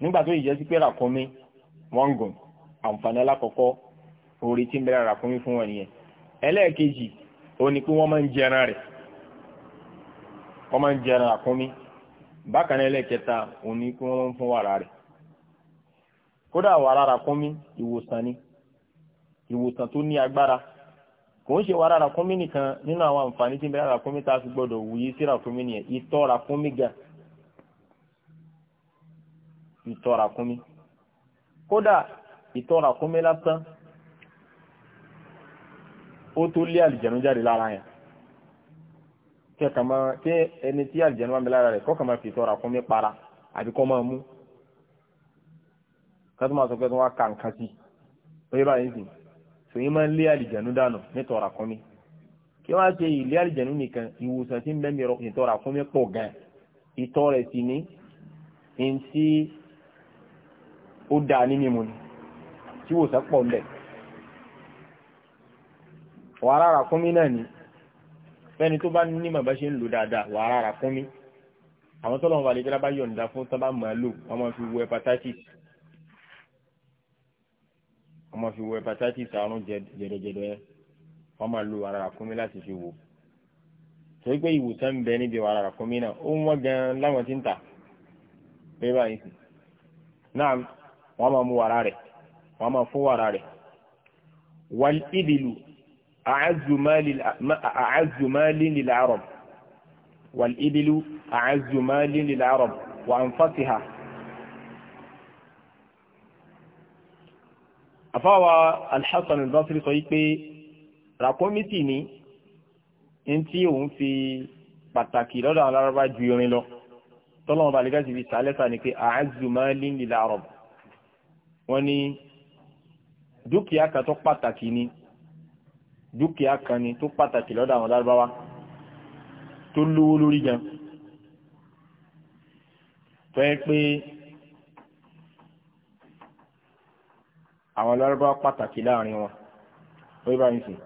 nígbà tó yìí jẹ́ sí pé ràkúnmí wọ́n gùn àǹfààní alákọ̀ọ́kọ́ orí tí ń bẹ̀rẹ̀ ràkúnmí fún wọn nìyẹn ẹlẹ́ẹ̀kejì ó ní pé wọ́n máa ń jẹran rẹ̀ wọ́n máa ń jẹran ràkúnmí bákan náà ẹlẹ́ẹ̀kẹta ó ní pé wọ́n máa ń fún wàrà rẹ̀ ni ìwòsàn kò ń ṣe wàrà ràkúnmí nìkan nínú àwọn àǹfààní tí ń bẹ lára ràkúnmí tá a fi gbọdọ̀ wuyì sí ràkúnmí nìyẹn ìtọ̀ ràkúnmí gan ìtọ̀ ràkúnmí kódà ìtọ̀ ràkúnmí lásán ó tó lé àlìjẹ̀nu jáde lára yẹn kẹkàmọ́ tí ẹni tí àlìjẹ̀nu wọn bẹ lára rẹ̀ kọ́kàmọ́ fi ìtọ̀ ràkúnmí para àbí kọ́ máa mú kátó máa sọ pé tí nǹkan sí i ó yẹ báyìí nìyí so yín máa ń lé àlìjẹ̀nu dànù nítorà kún mi kí wọ́n á ṣe ìlé àlìjẹ̀nu nìkan ìwòsàn tí ń bẹ́ mi ìtọ́ra gan ìtọ́ rẹ̀ sì ní ní ó dáa ní mímu ni tí wòsàn pọ̀ ń bẹ̀ wàrà rà kún mi náà ni fẹ́ni tó bá ní màbá ṣe ń lò dáadáa wàrà rà kún mi àwọn tó lọ́wọ́ àlejò bá yọ̀ǹda fún tó bá màá lò wọ́n máa fi wo hepatitis wọ́n máa fi wo hepatitis àrùn jẹ̀dọ̀jẹ̀dọ̀ yẹn máa lo ara ràkúnmí láti fi wò torí pé ìwòsàn ń bẹ níbi ara ràkúnmí náà ó ń wọ́n gan láwọn tí ń tà pé báyìí sì náà wọ́n máa mú wàrà rẹ̀ wọ́n máa fún wàrà rẹ̀ wal ibilu a'azzu malin lil arab wal ibilu a'azzu malin lil arab wa anfasiha. àfáwà alhassan al-basri sọ yí pé ràkọ́mítì ni ní tí òun fi pàtàkì lọ́dọ̀ àwọn arábá ju irin lọ tọ́lọ́mọba àlẹ́gá ti fi sàálẹ́sà ni pé a'azzu malin lil arab wọ́n ní dúkìá kan tó pàtàkì ni dúkìá kan ni tó pàtàkì lọ́dọ̀ àwọn lárúbáwá tó lówó lórí gan tó yẹ pé àwọn lárúbáwá pàtàkì láàrin wọn wọ́n bá ń sìn.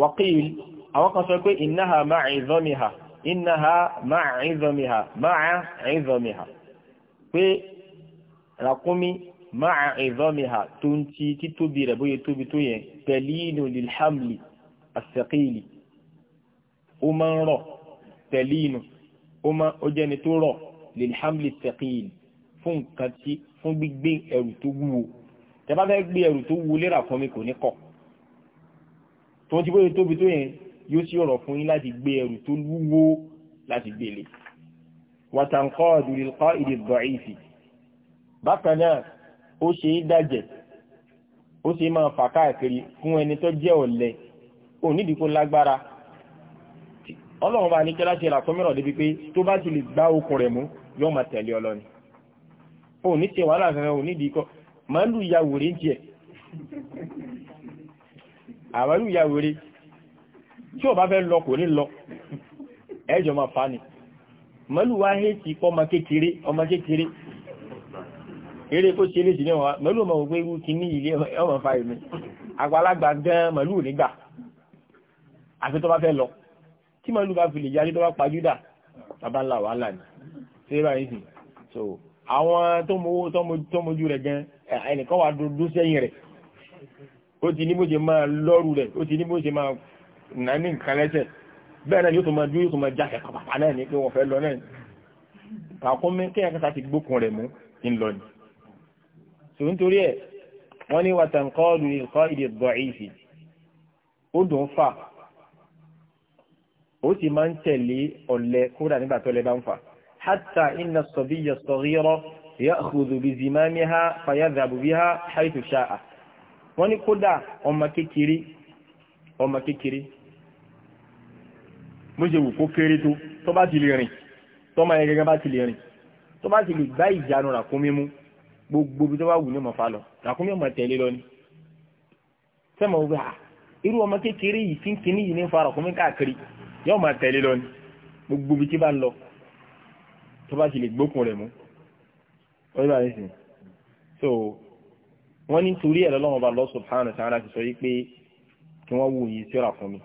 waqil àwọn kan sọ pé innaha ma'a izamiha innaha ma'a izamiha ma'a izamiha pé ràkúnmí ma'a izamiha tó ń ti títóbi rẹ̀ bóyá tóbi tó yẹn talinu lil hamli fún nǹkan tí fún gbígbé ẹrù tó wúwo tẹ́ bá fẹ́ gbé ẹrù tó wúwo lérà kan mi kò ní kọ̀ tó ti bóyá tóbi tó yẹn yóò sí ọ̀rọ̀ fún yín láti gbé ẹrù tó wúwo láti gbélé wàtàǹkọ́ àdúrílkọ́ èdè bọ̀ìsì bákan náà ó ṣe é dájẹ̀ ó ṣe máa fà káàkiri fún ẹni tó jẹ́ ọ̀lẹ ò nídìí kó lágbára ọlọ́run bá ní kí láti rà kọ́míràn débi pé tó bá ti lè gbá okùn rẹ̀ mú yóò máa tẹ̀lé ọlọ́ni ò ní ṣe wàhálà kankan ò nídìí kọ́ màálù ya wèrè ń tiẹ̀ àmàlù ya wèrè tí ò bá fẹ́ lọ kò ní lọ ẹjọ́ máa fa ni màálù wá hẹ́ẹ̀tì kọ́ ọmọ kékeré ọmọ kékeré eré kó ṣe léṣe níwọ̀n màálù ọmọ òpé irú kí ní ilé ọmọ fa èmi àgbàlagbà gan màálù ò nígbà àfi tó bá fẹ́ lọ tí màálù bá fi lè jáde tó bá pajúdà bàbá ńlá wàhálà ni ṣé báyìí sì so àwọn tó mowó tó mojú rẹ̀ gan ẹnìkan wà dúdú sẹ́yìn rẹ̀ ó ti ní bó ṣe máa lọ́rù rẹ̀ ó ti ní bó ṣe máa nà ní nǹkan lẹ́sẹ̀ bẹ́ẹ̀ náà yóò tó máa dúró yóò tó máa jáṣẹ̀ pàpàpà náà ní pé wọ́n fẹ́ lọ náà kàkún mi kéèyàn kẹta ti gbókun rẹ̀ mú ń lọ ni tò nítorí ẹ̀ wọ́n ní wàtà nǹkan ọdún nǹkan ìdè gbọ̀ حتى إن الصبي الصغير يأخذ بزمامها فيذهب بها حيث شاء wọ́n ní kódà ọmọ kékeré ọmọ kékeré bó ṣe wù تما kéré tó tó bá ti lè rìn tọ́mọ yẹn gẹ́gẹ́ bá ti lè rìn tó bá ti lè gbá ìjánu ràkúnmí mú gbogbo bí tó bá wù ní ọmọ fa lọ ọmọ tẹ̀lé lọ ni sẹ́mọ̀ wípé à irú ọmọ kékeré yìí kínkínní yìí ní fa ràkúnmí káàkiri yóò máa tẹ̀lé lọ ni gbogbo bí tí bá ń lọ tó bá ti lè gbókun rẹ̀ mú ọdún bá nísìn so wọ́n ní torí ẹ̀ lọ́lọ́wọ́ bá Allah subhanahu wa ta'ala ti sọ yí pé kí wọ́n wù yí síra fún mi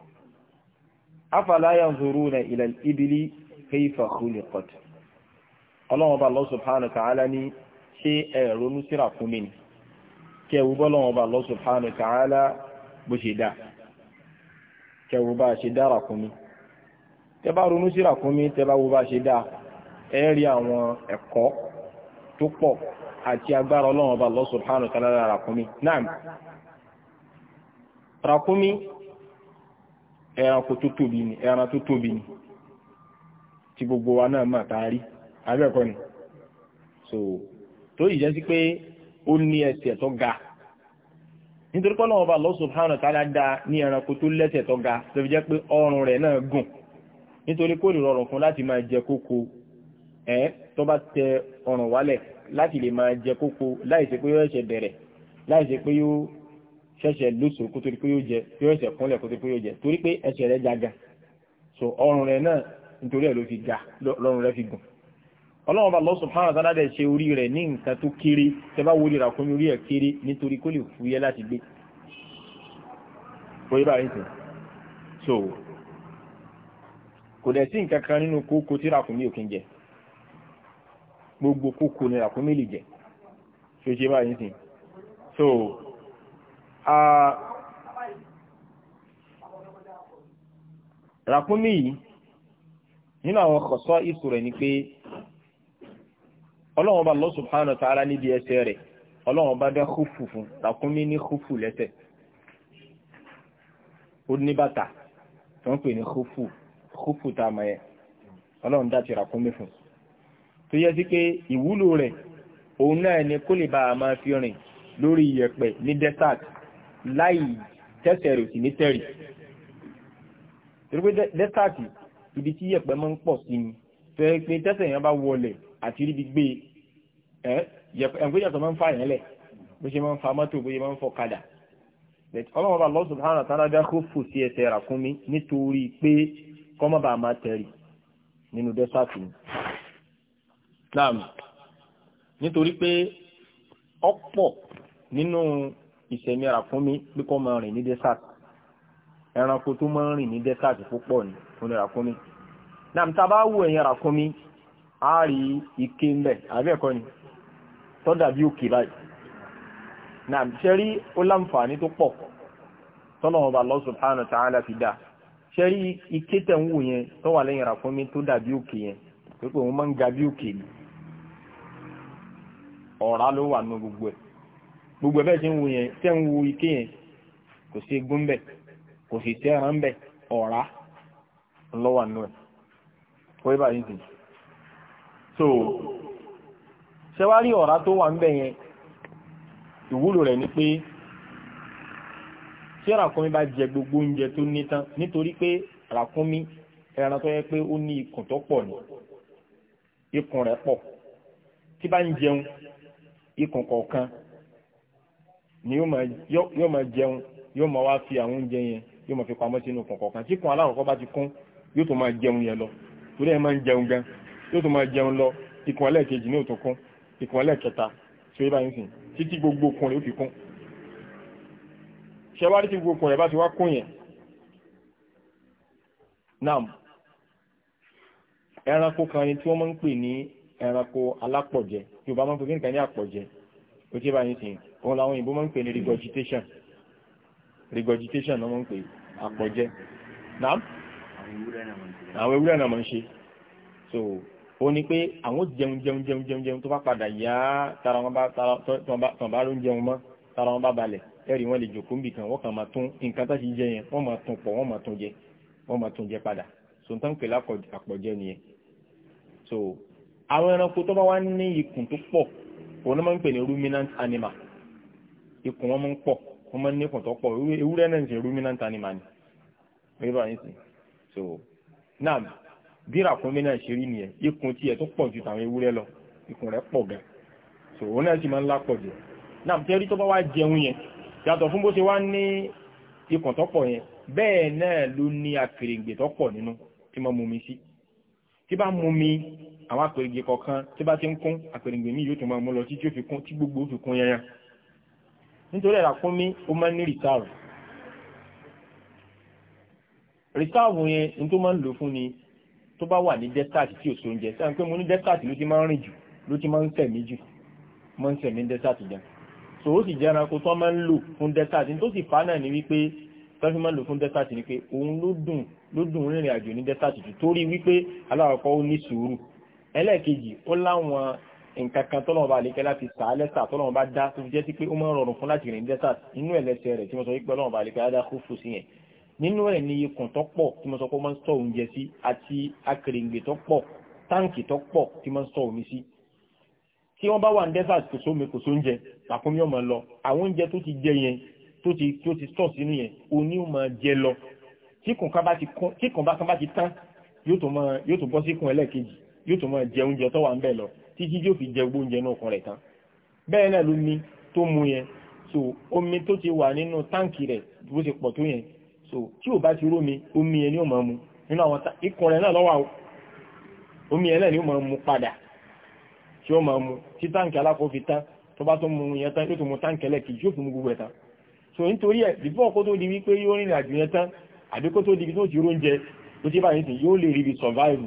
afala yanzuruna ila al-ibli kayfa khuliqat ọlọ́wọ́ bá Allah subhanahu wa ta'ala ní ṣé ẹ ronú síra fún mi ni kí ẹ wo bọ́ lọ́wọ́ bá Allah subhanahu wa ta'ala bó ṣe dá kí ẹ wo bá ṣe dára fún mi tẹ bá ronú síra fún mi tẹ bá wo bá ṣe dá ẹ rí àwọn ẹ̀kọ́ tó pọ̀ àti agbára ọlọ́run ọba Allah subhanahu wa ta'ala ràkúnmí naam ràkúnmí ẹranko tó tóbi ni ẹran tó tóbi ni tí gbogbo wa náà mà tá a rí abẹ́ẹ̀kọ́ ni so tó yìí jẹ́ sí pé ó ní ẹsẹ̀ tó ga nítorí pé ọlọ́run ọba Allah subhanahu wa ta'ala dá ní ẹranko tó lẹ́sẹ̀ tó ga tó fi jẹ́ pé ọrùn rẹ̀ náà gùn nítorí kó lè rọrùn fún láti máa jẹ kókó ẹ̀ tó bá tẹ ọrùn wálẹ̀ láti lè máa jẹ kókó láìsí pé yóò ṣẹ̀ṣẹ̀ bẹ̀rẹ̀ láìsí pé yóò ṣẹ̀ṣẹ̀ lóṣù kó torí pé yóò jẹ yóò ṣẹ̀ṣẹ̀ kúnlẹ̀ kó torí pé yóò jẹ torí pé ẹsẹ̀ rẹ̀ jaga so ọrùn rẹ̀ náà nítorí ẹ̀ ló fi ga lọ́rùn rẹ̀ fi gùn ọlọ́run bá Allah subhanahu wa ta'ala ṣe orí rẹ̀ ní nǹkan tó kéré gbogbo kókò ní ràkúnmí lè jẹ tí ó ṣe bá sí so ràkúnmí yìí nínú àwọn kọ̀sọ́ ìsù rẹ̀ ni pé ọlọ́run bá lọ́sùn subhanahu wa ta'ala níbi ẹsẹ̀ rẹ̀ ọlọ́run bá dá kúfù fún ràkúnmí ní kúfù lẹ́sẹ̀ ó ní bàtà tó ń pè ní kúfù kúfù tá a mọ̀ dá ti ràkúnmí fún un tó yẹ sí pé ìwúlò rẹ̀ òun náà ni kó lè bá a máa fi rìn lórí iyẹ̀pẹ̀ ní desert láì tẹ́sẹ̀ rẹ̀ sí ní tẹ́rì torí desert ibi tí iyẹ̀pẹ̀ máa ń pọ̀ sí ni tó yẹ pé tẹ́sẹ̀ yẹn bá wọlé àti ríbi gbé ẹ ẹ̀ǹkó yàtọ̀ máa ń fa yẹn lẹ̀ bó ṣe máa ń fa mọ́tò bó ṣe máa ń fọ kadà ọlọ́run bá Allah subhanahu wa ta'ala dá kó fò sí ẹsẹ̀ ràkúnmí nítorí pé kọ́mọ́bà máa tẹ̀rì nínú desert ni naam nítorí pé ọ̀pọ̀ nínú ìṣẹ̀mí ràkúnmí bí kò máa rìn ní desert ẹranko tó máa rìn ní desert púpọ̀ ní oní ràkúnmí naam tá a bá wo ẹ̀yìn ràkúnmí a rí ike ń bẹ̀ àbí ẹ̀kọ́ ni tó dàbí òkè báyìí naam ṣe rí ó láǹfààní tó pọ̀ tọ́lọ́wọ́n bá Allah subhanahu wa ta'ala fi dá ṣe rí ike tẹ̀ ń wò yẹn tó wà lẹ́yìn ràkúnmí tó dàbí òkè yẹn pé òun máa ń ga bí òkè ni ọ̀rá ló wà nù gbogbo ẹ̀ gbogbo ẹ̀ bẹ́ẹ̀ ṣe ń wu yẹn tẹ́ ń wu ike yẹn kò sí egun ń bẹ̀ kò sì sí ẹran ń bẹ̀ ọ̀rá ló wà nù ẹ̀ wọ́n bá yín sìn so ṣẹwárí ọ̀rá tó wà ń bẹ̀ yẹn ìwúlò rẹ̀ ni pé tí ràkúnmí bá jẹ gbogbo oúnjẹ tó ní tán nítorí pé ràkúnmí ẹran tó yẹ pé ó ní ikùn tó pọ̀ ni ikùn rẹ̀ pọ̀ tí bá ń jẹun ikùn kọ̀ọ̀kan ni yóò máa jẹun yóò máa wá fi àwọn oúnjẹ yẹn yóò máa fi pamọ́ sínú ikùn kọ̀ọ̀kan tí ikùn alákọ̀ọ́kọ́ bá ti kún yóò tó máa jẹun yẹn lọ torí ẹ máa ń jẹun gan yóò tó máa jẹun lọ ikùn ẹlẹ́ẹ̀kejì ní òtún kún ikùn ẹlẹ́ẹ̀kẹta tí ó yẹ báyìí sìn títí gbogbo okùn rẹ̀ ó fi kún ṣe tí gbogbo okùn rẹ̀ bá ti wá kún yẹn náà ẹranko kan ni tí wọ́n máa ń pè ní ẹranko alápọ̀jẹ yorùbá máa ń pè kí nìkan ní àpọ̀jẹ ó ti bá yín sìn òun làwọn òyìnbó máa ń pè ní regurgitation regurgitation náà máa ń pè àpọ̀jẹ naam àwọn ewúrẹ́ náà máa ń ṣe so ó ní pé àwọn jẹun jẹun jẹun jẹun jẹun tó bá padà yá tara wọn bá tàn bá ló ń jẹun mọ́ tara wọn bá balẹ̀ ẹ̀rí wọn lè jòkó níbi kan wọ́n kàn máa tún nǹkan tó ti jẹ yẹn wọ́n máa tún pọ̀ wọ́n máa tún jẹ wọ́n máa tún jẹ padà so nǹkan pè lápọ̀jẹ nìyẹn àwọn ẹranko tó bá wá ní ikùn tó pọ̀ òun náà máa ń pè ní ruminant animal ikùn wọn máa ń pọ̀ wọn máa ń ní ikùn tó pọ̀ ewúrẹ́ náà ń ṣe ruminant animal ni wọ́n yóò bá yín sìn so náà bí ràkúnmí náà ṣe rí nìyẹn ikùn tiẹ̀ tó pọ̀ ju tàwọn ewúrẹ́ lọ ikùn rẹ̀ pọ̀ gan so òun náà sì máa ń lápọ̀ jù náà tẹ́rí tó bá wá jẹun yẹn yàtọ̀ fún bó ṣe wá ní ikùn tó pọ̀ yẹn bẹ́ẹ̀ náà ló ní akèrègbè tó pọ̀ nínú tí mo mú sí. Si tí bá mú mi àwọn àpèrègbè kọ̀ọ̀kan tí bá ti ń kún àpèrègbè mi yóò tún máa mú lọ títí ó fi kún tí gbogbo ó fi kún yẹn nítorí ẹ̀rà kún mi ó máa ń ní rìsáàrù rìsáàrù yẹn ní tó máa ń lò fún ni tó bá wà ní desert tí ò sóúnjẹ sáà pé mo ní desert ló ti máa ń rìn jù ló ti máa ń sẹ̀mí jù máa ń sẹ̀mí desert jẹun so ó sì jẹ́ ẹranko tó máa ń lò fún desert tó sì fà náà ni wípé tọ́fí máa lò fún dẹ́sàtì ni pé òun ló dùn ló dùn rìnrìn àjò ní dẹ́sàtì jù torí wípé aláwọ̀kọ́ ó ní sùúrù ẹlẹ́ẹ̀kejì ó láwọn nǹkan kan tọ́lọ́wọ́n bá lékẹ́ láti sà á lẹ́sà tọ́lọ́wọ́n bá dá tó fi jẹ́ sí pé ó máa ń rọrùn fún láti rìn dẹ́sàtì nínú ẹ̀lẹ́sẹ̀ rẹ̀ tí mo sọ pé ọlọ́wọ́n bá lékẹ́ á dá kó fò sí yẹn nínú ẹ̀ ní ikùn tó tí mo sọ pé ó máa ń sọ oúnjẹ sí àti akèrèǹgbè tó táǹkì tó tí máa sọ omi sí tí wọ́n bá wà ní dẹ́sàtì kò sómi kò sóúnjẹ làkúnmí ọmọ lọ àwọn oúnjẹ tó ti jẹ yẹn tó ti tó ti sọ̀ sínú yẹn oní ò máa jẹ lọ tíkùn kan bá ti kún tíkùn bá kan bá ti tán yóò tó máa yóò tó bọ́ síkùn ẹlẹ́ẹ̀kejì yóò tó máa jẹ oúnjẹ tó wà ń bẹ̀ lọ títí yóò fi jẹ gbóúnjẹ náà kan rẹ̀ tán bẹ́ẹ̀ náà ló ní tó mu yẹn so omi tó ti wà nínú táǹkì rẹ̀ bó ṣe pọ̀ tó yẹn so tí ò bá ti rómi omi yẹn ni ó máa mu nínú àwọn ikùn rẹ̀ náà lọ́wọ́ omi yẹn náà ni ó máa mu padà tí ó máa mu tí táǹkì alákọ̀ọ́ fi tán tó bá tó mu yẹn tán yóò tó mu táǹkì ẹlẹ́kejì yóò fi mu gbogbo ẹ̀ tán so nítorí ẹ bífọ́ kó tó di wípé yóò rìnrìn àjò yẹn tán àbí kó tó di ibi tó ti róúnjẹ tó ti báyìí sìn yóò lè rí ibi survive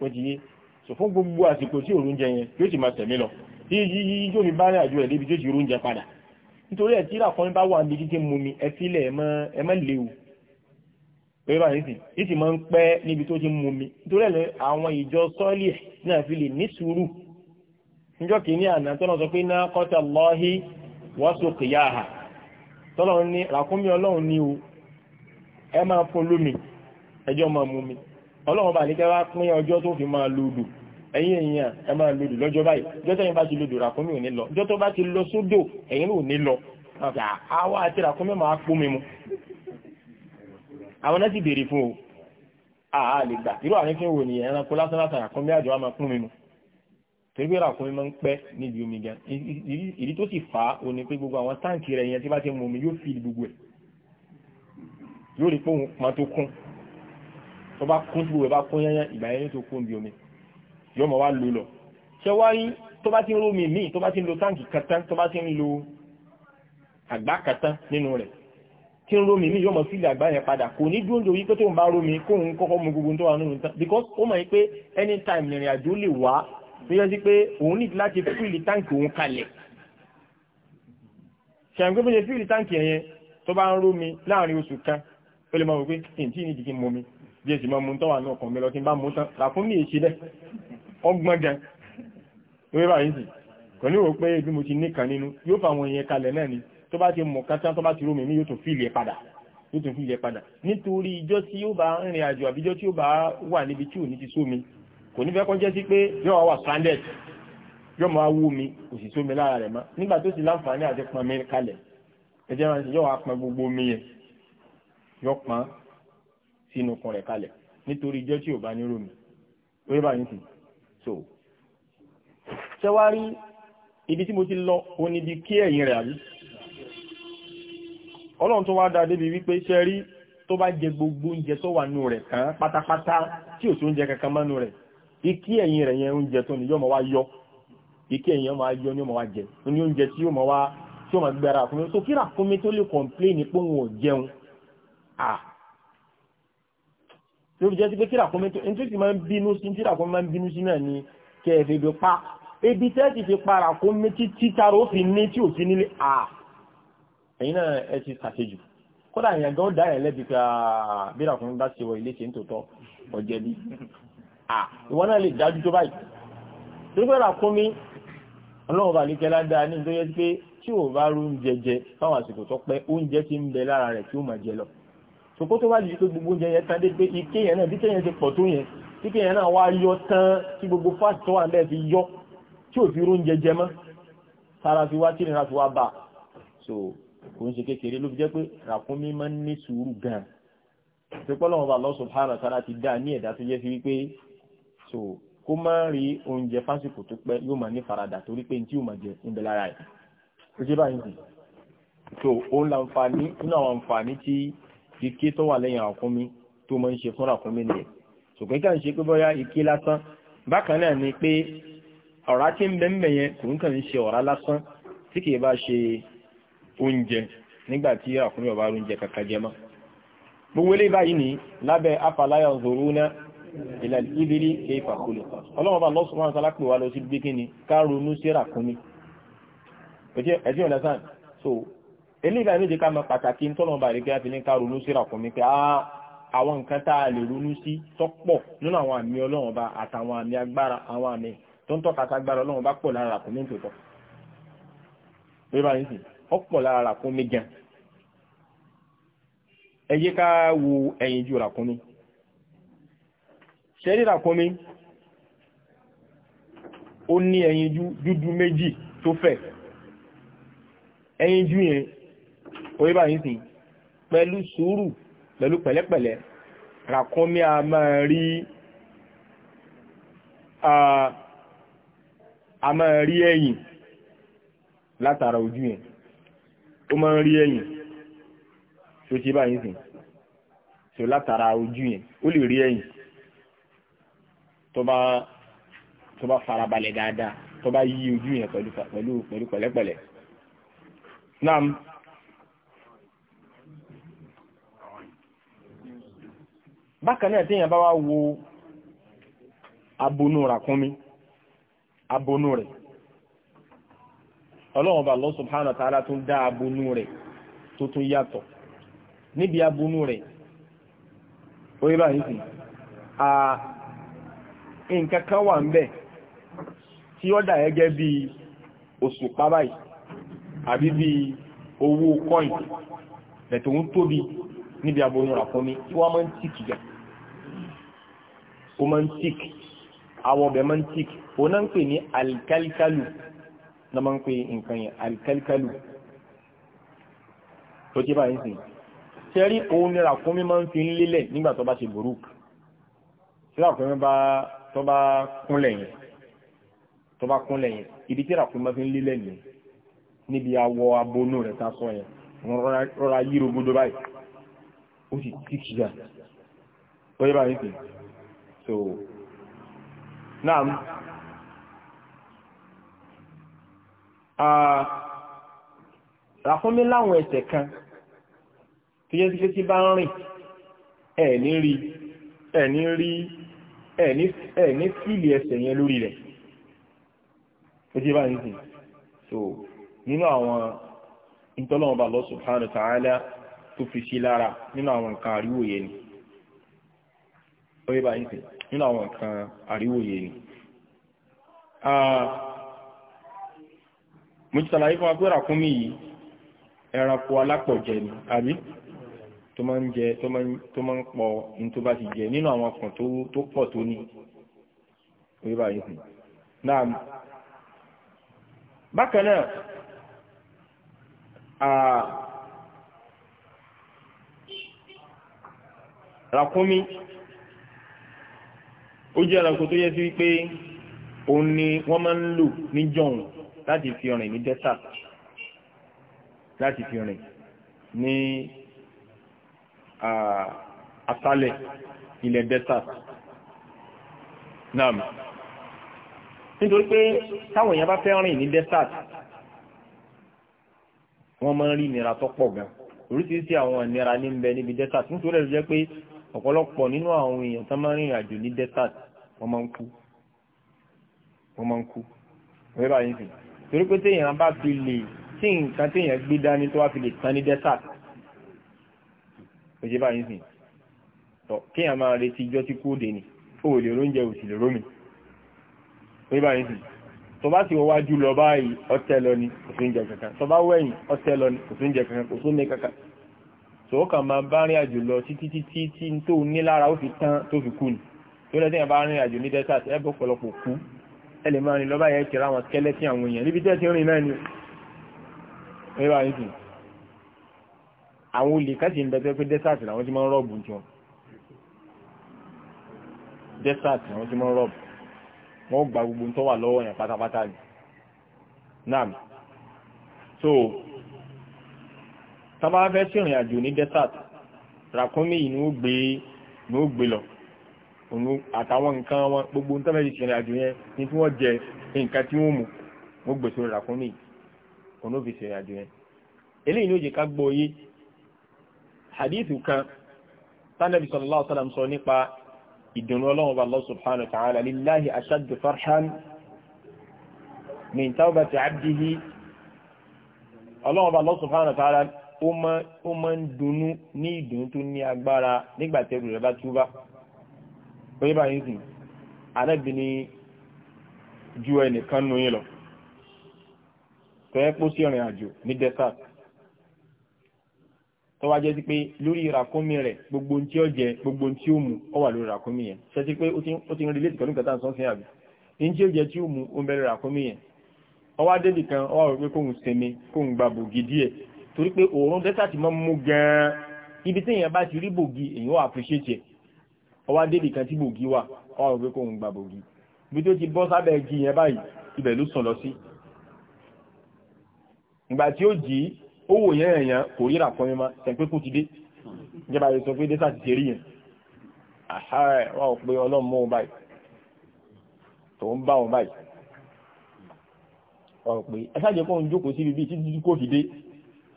ó ti yé so fún gbogbo àsìkò tí òróúnjẹ yẹn yóò sì máa tẹ̀mí lọ tí yíyí yóò ní bá rìn àjò ẹ̀ débi tó ti róúnjẹ padà nítorí tí bá wà níbi títí mu ni ẹ sílẹ̀ ẹ mọ́ lewu pé báyìí sìn yìí sì máa ń pẹ́ níbi tó ti mu mi nítorí àwọn ìjọ sọ́ọ̀lì ní tọ́lọ́run ní ràkúnmí ọlọ́run ní o ẹ máa fún lómi ẹjọ́ máa mú mi ọlọ́run bá níkẹ́ wá pín ọjọ́ tó fi máa lòdù ẹ̀yin èèyàn ẹ máa lòdù lọ́jọ́ báyìí ọjọ́ tẹ́yìn bá ti lòdù ràkúnmí ò ní lọ ọjọ́ tó bá ti lọ sódò ẹ̀yin ò ní lọ àwa àti ràkúnmí máa pó mi mu àwọn náà sì béèrè fún o àà lè gbà irú àrífín wo nìyẹn ẹranko lásán látara kún àjọ wa máa pún mi mu torí pé ràkúnmí máa ń pẹ́ níbi omi gan ìdí tó sì fà á òní pé gbogbo àwọn táǹkì rẹ̀ yẹn tí bá ti mú omi yóò fi gbogbo ẹ̀ yóò rí pé òun pọn tó kún tó bá kún tí gbogbo ẹ̀ bá kún yányán ìgbà yẹn tó kún bí omi yóò mọ̀ wá lò lọ ṣé wá rí tó bá ti ń rómi míì tó bá ti ń lo táǹkì kẹtán tó bá ti ń lo àgbá kẹtán nínú rẹ̀ tí ń rómi míì yóò mọ̀ sílẹ̀ àgbá yẹn padà kò ní dúró wípé tóun bá rómi kóun kọ́kọ́ mu gbogbo tó wà nínú tán because ó mọ̀ pé anytime ìrìn àjò lè wá tó yẹ sí pé òun nìdí láti fíìlì táǹkì òun kalẹ̀ ṣàǹgbé bó ṣe fíìlì táǹkì ẹ̀yẹ tó bá ń rú mi láàrin oṣù kan ó lè máa wò pé kìntì ní ìdíkí mọ́ mi bí èsì máa mú tọ́wà náà kàn mí lọ tí bá mú tán làkún ní èṣe bẹ́ ọgbọ́n gan lórí báyìí sì kò ní wò pé bí mo ti níkan nínú yóò fa àwọn èèyàn kalẹ̀ náà ni tó bá ti mọ̀ kátán tó bá ti rú mi yóò tún fíìlì padà yóò tún fíìlì padà nítorí ìjọ́ tí ó bá rìnrìn àjò àbíjọ́ tí ó bá wà níbi tí ò ní ti sómi kò ní fẹ́ kọ́ jẹ́ sí pé yóò wà stranded yóò máa wú mi kò sì sómi lára rẹ̀ mọ́ nígbà tó sì láǹfààní àti pọn mi kalẹ̀ ẹjẹ́ máa ń sè yóò wá pọn gbogbo omi yẹn yóò pọn sínú kun rẹ̀ kalẹ̀ nítorí ijọ́ tí ò bá ní rómi orí bá yín sì so ṣẹ́wárí ibi tí mo ti lọ o níbi kí ẹ̀yìn rẹ̀ àbí ọlọ́run tó wá dáa débi wípé ṣẹ́rí tó bá jẹ gbogbo oúnjẹ tó wà nù rẹ̀ kàn pátápátá tí ò tó oúnjẹ kankan mọ́nù rẹ̀ ikí ẹ̀yìn rẹ̀ yẹn oúnjẹ tó ní yóò máa wá yọ ikí ẹ̀yìn yóò máa yọ ní yóò máa wá jẹ ní oúnjẹ tí yóò máa wá tí yóò máa gbẹ́ra fún mi so kíra fún tó lè kọ̀ǹpléènì pé òun ò jẹun à lórí jẹ́ sí pé kíra fún tó ní tó sì máa ń bínú sí kíra fún máa ń bínú sí náà ni kẹ́ ẹ fi pa ebi tẹ́ ti fi para fún mi tí títara ó fi ní tí ò sí nílé à ẹ̀yin náà ẹ ti ṣàṣejù kódà ìyàgán dá ẹ̀ lẹ́bi ìwọ náà lè dájú tó báyìí tó fẹ́ ràkúnmí ọlọ́run bá nìkẹ́ ládàá ní nítorí pé tí ò bá rú oúnjẹ jẹ fáwọn àsìkò tó pẹ́ oúnjẹ ti ń bẹ lára rẹ̀ tí ó máa jẹ lọ ṣòkó tó bá di pé gbogbo oúnjẹ yẹn tán dé pé ike yẹn náà bí kéèyàn ti pọ̀ tó yẹn tí kéèyàn náà wá yọ tán tí gbogbo fásitì tó wà ń bẹ́ẹ̀ fi yọ tí ò fi rú oúnjẹ jẹ mọ́ sára fi wá tí nira fi wá bá so kò ń ṣe kékeré ló fi jẹ́ pé ràkúnmí máa ń ní sùúrù gan-an ṣùpọ́ lọ́wọ́ bá Allah so kó má rí oúnjẹ fásitì tó pẹ́ yóò máa ní faradà torí pé tí yóò máa jẹ ń bẹ lára ẹ̀ ó ṣe báyìí nì so òun là ń fa ní nínú àwọn àǹfààní tí ike tó wà lẹ́yìn àkúnmí tó máa ń ṣe fúnra àkúnmí nìyẹn ṣùgbọ́n kí à ń ṣe pé bóyá ike lásán bákan náà ni pé ọ̀rá tí ń bẹ́ẹ̀ yẹn kò ń kàn ń ṣe ọ̀rá lásán tí kì í bá ṣe oúnjẹ nígbà tí àkúnmí ọ̀bá oúnjẹ kankan jẹ mọ́ gbogbo eléyìí báyìí ní lábẹ́ afalaya zoro náà ìlà ìbírí kéfà kó lè kàn ọlọ́wọ́n bá lọ́ sọ wọn sálápè wa lọ sí bí kíni ká ronú sí ràkúnmí ẹ̀jẹ̀ ọ̀nà so eléyìí láì méje ká mọ pàtàkì ntọ́nà bá rí kí á fi ní ká ronú sí ràkúnmí pé á àwọn nǹkan tá a lè ronú sí tọ́pọ̀ nínú àwọn àmì ọlọ́wọ́n bá àtàwọn àmì agbára àwọn àmì tó ń tọ́ka sagbára ọlọ́wọ́n pọ̀ lára ràkúnmí tó tọ́ ṣẹ́rí ràkúnmí ó ní ẹyin dúdú méjì tó fẹ̀ ẹyin jú yẹn orí bá yìí sìn pẹ̀lú sùúrù pẹ̀lú pẹ̀lẹ́pẹ̀lẹ́ ràkúnmí a máa rí a máa rí ẹyin látara ojú yẹn ó máa ń rí ẹyin tó ti bá yìí sìn látara ojú yẹn ó lè rí ẹyin tó bá farabalẹ̀ dáadáa tó bá yí ojú yẹn pẹ̀lú pẹ̀lẹ́pẹ̀lẹ́. Naam. Bákan náà bá wá wo abonú ràkúnmí, abonú rẹ̀. Ọlọ́run bá Allah tọtọ tún dá abonú rẹ̀ tó tún yàtọ̀. nǹkan kan wà ń bẹ̀ tí ó dà gẹ́gẹ́ bí òṣùpá báyìí àbí bí owó coin lẹ̀tọ̀ ń tóbi níbi abonu ràkúnmí tí wọ́n máa ń tíkì gà ó máa ń tíkì àwọ̀ ọ̀bẹ̀ máa ń tíkì ó náà ń pè ní alikalikalu náà máa ń pè nǹkan yẹn alikalikalu tó ti báyìí sìn tẹ́rí òun ni ràkúnmí máa ń fi ń lélẹ̀ nígbà tó bá ṣe burúkú tí ràkúnmí bá tó bá kúnlẹ̀ yẹn tó bá kúnlẹ̀ yẹn ibi tí ràkúnmí máa fi ń lélẹ̀ nìyẹn níbi awọ abonú rẹ̀ ta sọ yẹn wọ́n rọra yíro gbódó báyìí ó sì tí kìíyà ó yẹ báyìí sí so náà ràkúnmí láwọn ẹsẹ̀ kan tí yẹ́ sí pé tí bá ń rìn ẹ̀ ní rí ẹ̀ ní rí ẹ̀ ní fíìlì ẹsẹ̀ yẹn lórí rẹ̀ ó jẹ́ báyìí nìyí so nínú àwọn ìtọ́lọ́wọ́n bá Allah subhanahu wa ta'ala tó fi sí lára nínú àwọn nǹkan àríwò yẹn ni ó yẹ báyìí nìyí nínú àwọn nǹkan àríwò yẹn ni. mo ti sàlàyé fún wa pé yìí ẹranko alápọ̀jẹ ni àbí tó máa ń jẹ tó máa ń pọ̀ ní tó bá ti jẹ nínú àwọn ọkàn tó pọ̀ tó ní orí báyìí hù náà bákan náà ràkúnmí ó jẹ́ ẹranko tó yẹ sí wípé òun ni wọ́n máa ń lò ní jọ̀hún láti fi rìn ní dẹ́sà láti fi rìn ní asálẹ̀ ilẹ̀ desert náà nítorí pé táwọn èèyàn bá fẹ́ rìn ní desert wọ́n máa ń rí ìnira tó pọ̀ gan oríṣiríṣi àwọn ìnira ní ń bẹ níbi desert nítorí ẹ̀rọ jẹ́ pé ọ̀pọ̀lọpọ̀ nínú àwọn èèyàn tó máa ń rìnrìn àjò ní desert wọ́n máa ń kú wọ́n máa ń kú wọ́n bá yín sí torí pé téèyàn bá fi lè tí nǹkan téèyàn gbé dání tó wá fi lè tán ní desert òjé báyìí sìn tọ́ kí a máa retí ijọ́ tí kú òde ni ó lè róúnjẹ òsì lè rómi òjé báyìí sìn tó bá ti wájú lọ báyìí ọtẹ lọ ni kò sí oúnjẹ kankan tó bá wẹ̀yìn ọtẹ lọ ni kò sí oúnjẹ kankan kò kankan tó ó kàn máa bá rìn àjò lọ títí títí tí tó ní lára ó fi tán tó fi kú ni tó lẹ́sẹ̀ yẹn bá rìn àjò ní desert ẹ bọ́ pọ̀lọpọ̀ kú ẹ lè máa rìn lọ àwọn olè káṣí ń bẹ pé desert làwọn ti máa ń rọ́ọ̀bù jọ desert làwọn ti máa ń wọ́n gba gbogbo tó wà lọ́wọ́ yẹn pátápátá ni náà so tábà fẹ́ sìnrìn àjò ní desert ràkúnmí yìí ni ó gbé ni ó gbé lọ òun àtàwọn nǹkan wọn gbogbo tó fẹ́ sìnrìn àjò yẹn ní tí wọ́n jẹ nǹkan tí wọ́n mú wọ́n gbèsè ràkúnmí yìí òun ó fi sìnrìn àjò yẹn eléyìí ni ó jẹ ká gbọ́ yé hadithu kan tánàbí sallallahu alaihi wasallam sọ nípa ìdùnnú ọlọ́run ọba Allah subhanahu wa ta'ala lillahi ashaddu farhan min tawbati abdihi ọlọ́run ọba Allah subhanahu wa ta'ala ó máa ń dunnú ní ìdùnnú tó ní agbára nígbà tẹ́rù rẹ̀ bá túbá oye bá yín sìn anábì ni ju ẹnìkan nù yín lọ tẹ́ pọ́ sí àjò ní desert tó wá pé lórí ìràkúnmí rẹ̀ gbogbo tí ó jẹ gbogbo tí ó mu wà lórí ìràkúnmí yẹn ṣe sí pé ó ti ń relate pẹ̀lú nǹkan tá àbí ní tí ó jẹ tí ó mu ó ń ìràkúnmí yẹn ọwá débì gba bògì díẹ̀ torí pé òórùn dẹ́sàtì ti ń mú gan ibi tí èèyàn bá ti rí bògì èèyàn wà ọwá débì kan tí bògì wà ọwá gba bògì ibi ti bọ́ sábẹ́ yẹn báyìí ibẹ̀ sàn lọ sí owó yẹn èèyàn kò ríra kan mímá tẹ̀pẹ́ kú ti dé ìjọba yìí sọ pé dé sáà ti ṣe rí yẹn àṣà ẹ̀ wà ó pé ọlọ́run mọ́ òun báyìí tòun bá òun báyìí ọ̀rọ̀ pé ẹ ṣáàjẹ́ kó ń jókòó síbi bíi títí kó fi dé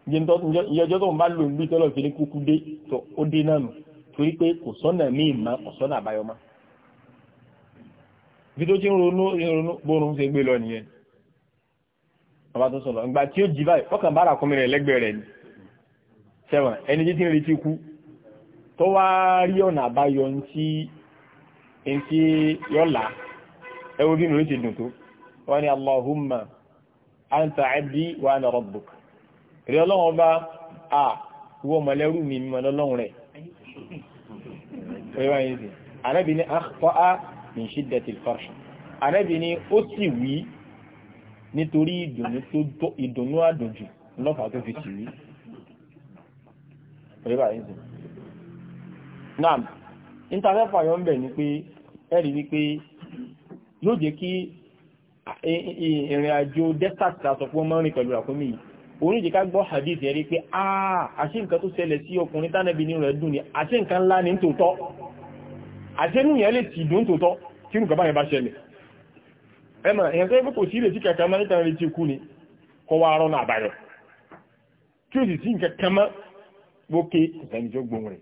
ìyẹjọ́ tó ń bá lò ń gbé tọ́lọ̀ fi ní kúkú dé tó ó dé náà nù torí pé kò sọ́nà míì mọ́ kò sọ́nà àbáyọ mọ́ bí tó ti ń ronú ìrònú bórun ṣe gbé lọ nìyẹn bàbá tó sọ̀rọ̀ ìgbà tí ó jí báyìí ọkàn bára kọmi rẹ̀ lẹ́gbẹ̀ẹ́ rẹ̀ ni sẹ́wọ̀n ẹni tí ń retí kú tó wá rí ọ̀nà àbáyọ ntí ntí yọ̀lá ẹ bí mi ti dùn tó wọ́n ní Allahumma anta abdi wa ana rabbuk rí ọlọ́run ọba a wọ́n mọ̀lẹ́rù mi mọ̀ lọ́lọ́run rẹ̀ ẹ̀rọ yìí sì anábì ní akhta'a min shiddati al-farsh ó sì wí nítorí ìdùnnú àdùnjù lọ́fà tó fi sì rí pẹ̀lúbà ẹ̀sìn náà ìntàfẹ́fà yọ ń bẹ̀ ni pé ẹ̀rí wípé yóò jẹ́ kí ìrìn àjò desert sọ pé ó mọ́ rìn pẹ̀lú àkómi yìí oríjì ká gbọ́ hadith ẹ̀rí pé àà àṣí nǹkan tó ṣẹlẹ̀ sí ọkùnrin tánàbí ní rẹ̀ dùn ní àṣí nǹkan ńlá ní tòótọ́ àṣẹ́nú yẹn lè tìdún tòótọ́ kí nǹkan báyẹn bá ṣẹlẹ̀ ẹmà èyàn tó yẹ pé kò sí ìrètí kankan máa níta ìrètí ikú ni kọ́ wa rọ́nà àbáyọ tí ó sì sí nǹkan kan mọ́ gbókè ìsẹ́ni tó gbóhùn rẹ̀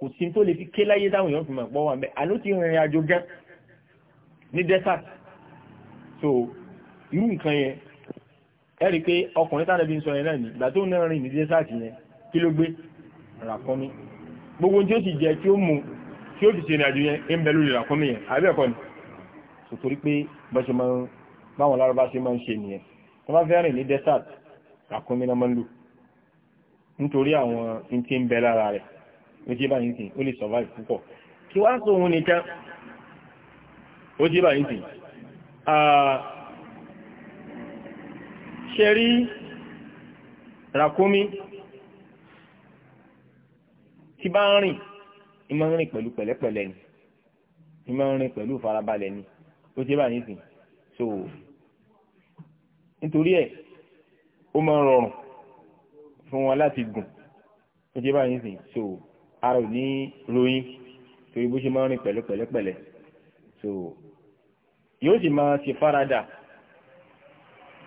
kò sí tó lè fi ké láyé táwọn èèyàn fi máa pọ́ wà mẹ́ àló ti rìnrìn àjò gan ní desert so irú nǹkan yẹn ẹ rí i pé ọkùnrin tánà bí ń sọ yẹn náà ní ìgbà tó náà rìn ní desert yẹn kí ló gbé ràkọ́mí gbogbo tí ó sì jẹ tí ó mú tí ó sì ṣe ìrìn àjò yẹn ń bẹ lórí ràkọ́mí yẹn àbẹ́ẹ̀kọ́ ni sotori pé bọ́ṣe máa ń báwọn lárúbá ṣe máa ń ṣe nìyẹn tó bá fẹ́rìn ní desert ràkúnmí náà máa nítorí àwọn tí ń bẹ lára rẹ̀ ó jẹ́ báyìí sìn ó lè survive púpọ̀ kí wá sọ òun nìkan ó jẹ́ báyìí sìn ṣe rí ràkúnmí tí bá ń rìn ìmọ̀ rìn pẹ̀lú pẹ̀lẹ́pẹ̀lẹ́ ni ìmọ̀ ń rìn pẹ̀lú farabalẹ̀ ni ó ṣe báyìí sìn so nítorí ẹ̀ ó máa ń rọrùn fún wọn láti gùn ó ṣe báyìí sìn so ara ò ní ròyìn torí bó ṣe máa ń rìn pẹ̀lú pẹ̀lẹ́pẹ̀lẹ́ so yóò sì máa ṣe farada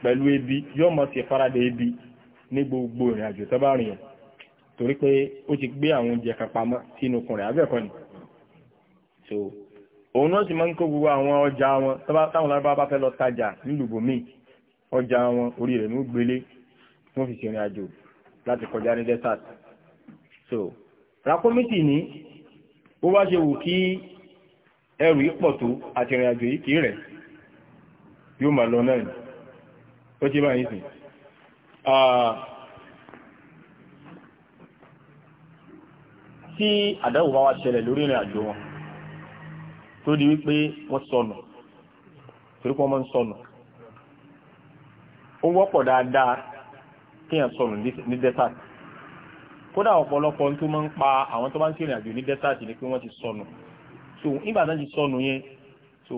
pẹ̀lú ebi yóò máa ṣe farada ebi ní gbogbo ìrìn àjò tó bá rìn yẹn torí pé ó ti gbé àwọn oúnjẹ kan pamọ́ sínú okùn rẹ̀ ni so òun náà sì máa ń kó gbogbo àwọn ọjà wọn táwọn lárúbáwá bá fẹ́ lọ tajà nílùú míì ọjà wọn orí rẹ̀ ní ó gbélé wọ́n fi ṣe àjò láti kọjá ní desert so rakomiti ní ó wá ṣe wù kí ẹrù yìí pọ̀ tó àti ìrìn àjò yìí kì í rẹ̀ yóò máa lọ náà ni ó ti báyìí sìn tí àdáwò bá wá ṣẹlẹ̀ lórí ìrìn àjò wọn tó di wípé wọ́n sọnù torí pé wọ́n máa ń sọnù ó wọ́pọ̀ dáadáa kéèyàn sọnù ní desert kódà ọ̀pọ̀lọpọ̀ tó máa ń pa àwọn tó bá ń ṣèrìn àjò ní desert ni pé wọ́n ti sọnù so nígbà tán ti sọnù yẹn so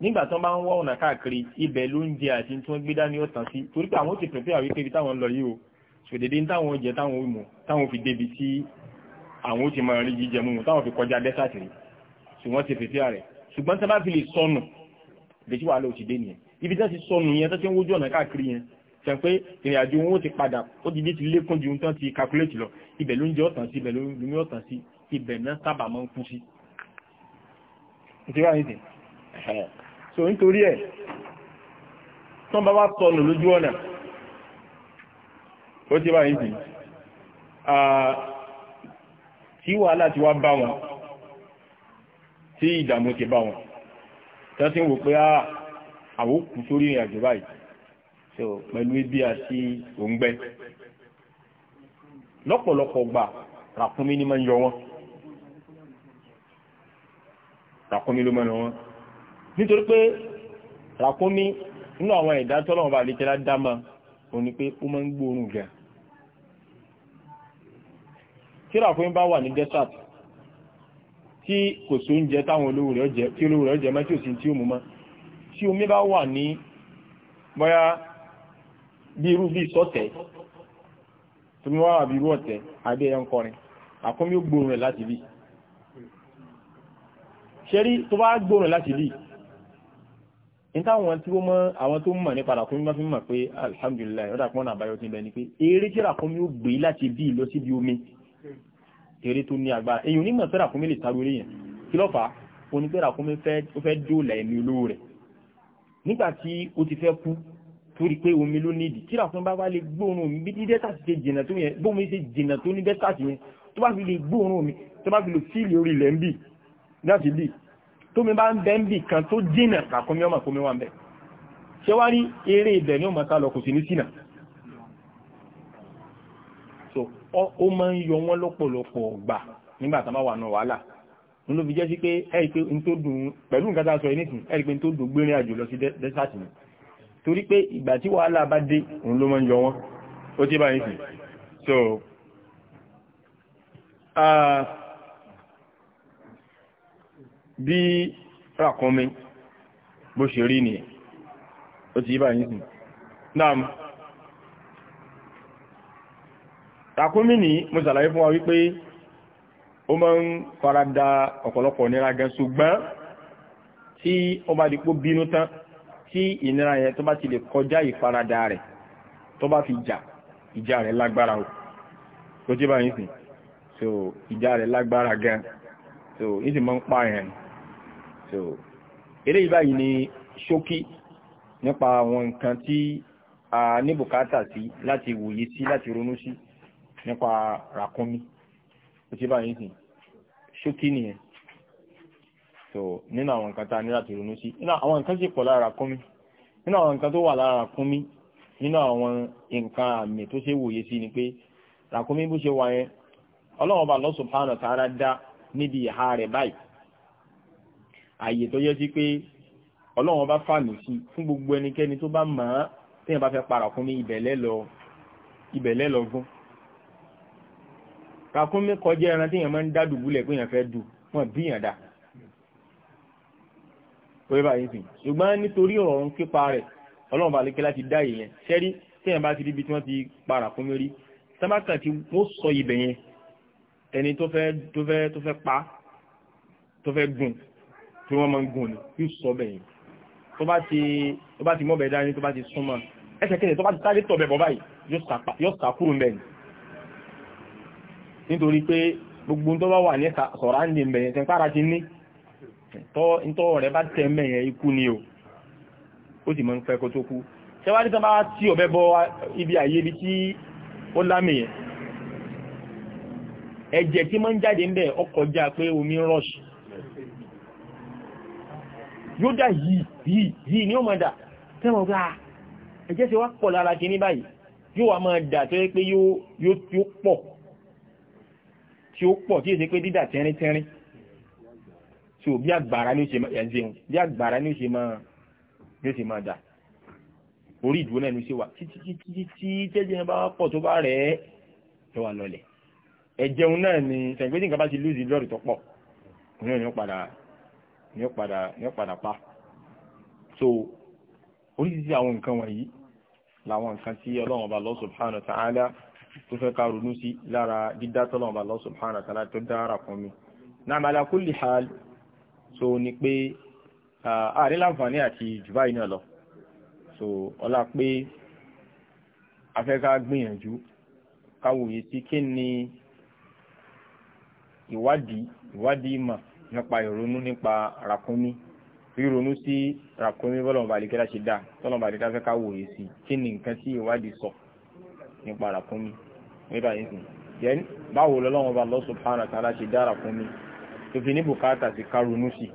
nígbà tán bá ń wá ọ̀nà káàkiri ibẹ̀ ló ń jẹ àti tí wọ́n gbé dání ọ̀tàn sí torí pé àwọn ti pèpè àwọn ibi táwọn lọ yìí o sòdèdè táwọn jẹ táwọn ò mọ̀ táwọn fi débi tí àwọn ó ti máa rí jíjẹ mú táwọn fi kọjá desert rí ṣùgbọ́n ṣe fìtí rẹ̀ ṣùgbọ́n tí wọ́n bá fi lè sọnù lèṣí wàhálà ò ti dé nìyẹn ibi tí wọ́n ti sọnù yẹn tó ti ń wójú ọ̀nà káàkiri yẹn sọ pé ìrìn àjò wọn ó ti padà ó ti dé ti lékún ju tán ti calculate lọ ibẹ̀ ló ń jẹ́ ọ̀tàn sí ibẹ̀ ló ń ọ̀tàn sí ibẹ̀ náà sábà máa ń kú sí. so nítorí ẹ̀ tán bá wá sọnù lójú ọ̀nà ó ti bá yìí tí wàhálà ti wá bá wọn tí ìdààmú ti bá wọn tẹ́sí wò pé ah, àwòkù sórí ìrìn báyìí so pẹ̀lú ibi àti òǹgbẹ lọ́pọ̀lọpọ̀ gbà ràkúnmí ni máa ń yọ wọn ràkúnmí ló máa ń yọ wọn nítorí pé ràkúnmí nínú àwọn ẹ̀dá tọ́lọ́wọ́n bá lékelá dáma òun ni pé ó máa ń gbóòórùn gan tí ràkúnmí bá wà ní desert tí kò sóúnjẹ táwọn olówó rẹ̀ jẹ tí olówó rẹ̀ jẹ mọ́ tí ò sí tí ó mú mọ́ tí omi bá wà ní bóyá bí irú bí sọ́tẹ̀ tó mú wá àbí irú ọ̀tẹ̀ àbí ẹ̀yàn kọrin àkọ́mí ó gbóòrùn rẹ̀ láti bí ṣẹ́rí tó bá gbóòrùn láti bí ní táwọn tí ó mọ́ àwọn tó mọ̀ nípa àkọ́mí bá fi mọ̀ pé alhamdulillah ọ̀dà pọ́n àbáyọ ti bẹ ni pé eré tí àkọ́mí ó gbé láti bí lọ síbi omi eré tó ní agbára èyí onímọ̀ pé ràkúnmí lè sáré orí yẹn kí ló fà á oní pé ràkúnmí ó fẹ́ dóòlà ẹ̀mí olówó rẹ̀ nígbà tí ó ti fẹ́ kú torí pé omi ló nídìí tí ràkúnmí bá wá lè gbóòórùn omi bí dẹ́tà ti ṣe jìnà tó yẹn bómi ṣe jìnà tó ní dẹ́tà ti yẹn tó bá fi lè gbóòórùn omi tó bá fi lè fíìlì orí ilẹ̀ ń bì láti bì tómi bá ń bẹ ń bì kan tó jìnà ràkúnmí ọmọ ó máa ń yọ wọ́n lọ́pọ̀lọpọ̀ ọ̀gbà nígbà tá a bá wà nù wàhálà n ló fi jẹ́ sí pé ẹ̀rí pé n tó dùn pẹ̀lú nǹkan tá a sọ nísìn ẹ̀rí pé n tó dùn gbérin àjò lọ sí dẹ́sàtì ni torí pé ìgbà tí wàhálà bá dé òun ló máa ń yọ wọ́n ó ti bá nísìn so bí ràkọ́mi bó ṣe rí nìyẹn ó ti bá nísìn náà takúmí ní mo ṣàlàyé fún wa wípé ó máa ń farada ọ̀pọ̀lọpọ̀ nira gan ṣùgbọ́n tí ó bá dípò bínú tán tí ìnira yẹn tó bá ti lè kọjá ìfarada rẹ̀ tó bá fi jà ìjà rẹ̀ lágbára o tó jẹ́ báyìí sìn so ìjà rẹ̀ lágbára gan so ní sì máa ń pa yẹn so eré ìbáyìí ni ṣókí nípa àwọn nǹkan tí a ní bùkátà sí láti wòye sí láti ronú sí. Si nípa ràkúnmí ó ti báyìí sìn ṣókí nìyẹn so nínú àwọn nǹkan tá a ní láti ronú sí nínú àwọn nǹkan sì pọ̀ lára ràkúnmí nínú àwọn nǹkan tó wà lára ràkúnmí nínú àwọn nǹkan àmì tó ṣe wòye sí ni pé ràkúnmí bó ṣe wà yẹn ọlọ́run ọba Allah subhanahu wa ta'ala dá níbi ìhà rẹ̀ báyìí àyè tó yẹ sí pé ọlọ́run ọba fàmì sí fún gbogbo ẹnikẹ́ni tó bá mọ̀ ọ́n téèyàn bá fẹ́ pa ràkúnmí ibẹ̀ lẹ́lọ ibẹ̀ lẹ́lọ ràkúnmí kọjá ẹran tí yẹn máa ń dá dùbúlẹ̀ pé yẹn fẹ́ dù wọ́n bí yẹn dá pé báyìí sìn ṣùgbọ́n nítorí ọ̀rọ̀ ń kípa rẹ̀ ọlọ́run bá lékẹ́ láti dá ìyẹn ṣẹ́rí tí yẹn bá ti ríbi tí wọ́n ti pa ràkúnmí rí sábàkà tí wọ́n sọ ibẹ̀ yẹn ẹni tó fẹ́ tó fẹ́ tó fẹ́ pa tó fẹ́ gùn tí wọ́n máa ń gùn ní sọ bẹ̀ yẹn tó bá ti tó bá ti mọ́bẹ̀ dání tó bá ti súnmọ́ ẹsẹ̀kẹsẹ̀ tó bá ti sáré tọ̀ bẹ̀ bọ̀ báyìí yóò sá kúrò ń bẹ̀ ni nítorí pé gbogbo tó bá wà ní sọ̀rọ̀ àǹdì mẹ́yẹn tẹ́ pára ti ní tọ́ rẹ̀ bá tẹ́ mẹ́yẹn ikú ni o ó sì mọ́ ń pẹ́ kó tó kú ṣẹwádìí tán bá tí ọ̀bẹ bọ ibi àyè ibi tí ó lámì yẹn ẹ̀jẹ̀ tí mọ́ ń jáde ń bẹ̀ ọkọjá tí ó pọ̀ tí èsì pé dídà tẹ́rín tẹ́rín so bí àgbàrá ló ṣe máa ẹ̀zẹ̀hùn bí àgbàrá ló ṣe máa ló ṣe máa dà orí ìdúró náà ló ṣe wà títí títí tí tẹ́jẹ́ bá pọ̀ tó bá rẹ̀ ẹ́ ẹ wà lọlẹ̀ ẹ̀jẹun náà ni sẹ̀ǹgbẹ́sì nǹkan bá ti lùzì lọ́rì tó pọ̀ òun ni ó padà ni ó padà ni ó padà pa so oríṣiríṣi àwọn nǹkan wọ̀nyí làwọn nǹkan tí ọlọ́run ọba lọ́ subhanahu wa ta'ala tó fẹ́ ká ronú sí lára dídá tọ́lọ́run Allah subhanahu wa ta'ala tó dára fún mi náà ala kulli hal so ni pé ààrẹ láǹfààní àti jùbá iná lọ so ọlá pé afẹ́ká gbìyànjú káwòye sí kí ni ìwádìí ìwádìí ìmọ̀ nípa ìrònú nípa ràkúnmí ríronú sí ràkúnmí bọ́lọ̀mọba àdìgẹ́lá ṣe dá tọ́lọ̀mọba àdìgẹ́lá fẹ́ káwòye sí kí ni nǹkan tí ìwádìí sọ nípa ràkúnmí nígbà yìí sìn yẹn báwo lọ́lọ́wọ́n bá Allah subhanahu wa ta'ala ṣe dára fún mi tó fi ní bùkátà sí kárunú sí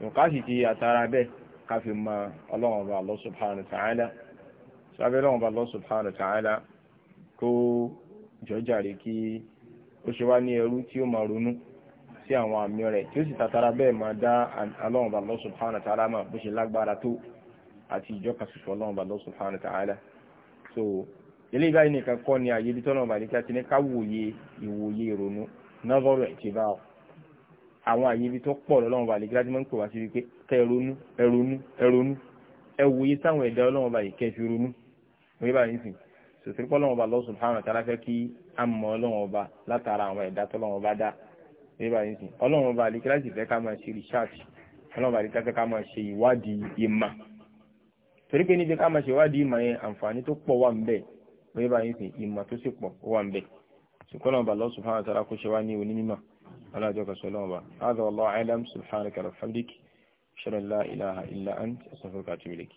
nǹkan sì ti àtàrà bẹ́ẹ̀ ká fi mọ ọlọ́wọ́n bá Allah subhanahu wa ta'ala sábẹ́ lọ́wọ́n bá Allah subhanahu wa ta'ala kó jọjàre kí ó ṣe wá ní ẹrú tí ó máa ronú sí àwọn àmì rẹ̀ tí ó sì tàtàrà bẹ́ẹ̀ máa dá ọlọ́wọ́n bá Allah subhanahu wa ta'ala mọ̀ bó ṣe lágbára tó àti ìjọ kan ṣoṣo ọlọ́run bá lọ́sùn fáwọn ta'ala so eléyìí báyìí nìkan kọ́ ni àyè ibi tọ́nà ọ̀bàdìkí àti ní ká wòye ìwòye ìrònú nọ́vọ́rọ̀ ẹ̀ ti bá ọ àwọn àyè ibi tó pọ̀ lọ́wọ́ ọ̀bàdìkí láti máa ń pè wá sí wípé kẹ́ ẹ ronú ẹ ronú ẹ ronú ẹ wòye sáwọn ẹ̀dá ọlọ́wọ́ ọ̀bàdìkí kẹ́ ẹ fi ronú wọ́n bá yín sìn sòtìrí pọ́ lọ́wọ́ ọba Allah subhanahu wa ta'ala fẹ́ kí a mọ ọlọ́wọ́ ọba látara àwọn ẹ̀dá tọ́lọ́wọ́ ọba dá wọ́n bá yín sìn ọlọ́wọ́ ọba àdìkí láti fẹ́ ká máa ṣe research ọlọ́wọ́ àdìkí ká máa ṣe ìwádìí ìmà torí pé níbi ká máa ṣe ìwádìí ìmà yẹn àǹfààní tó pọ̀ wà ń bẹ́ẹ̀ bóyá báyìí sìn ìmọ̀ tó sì pọ̀ ó wà ń bẹ̀ ṣùgbọ́n náà bàlọ́ subhanahu wa ta'ala kó ṣe wá ní onímọ̀ alájọ kan sọlọ́wọ́ bá hádà wallahu a'lam subhanaka wa bihamdik ṣẹlẹ̀ la ilaha illa ant astaghfiruka wa atubu ilayk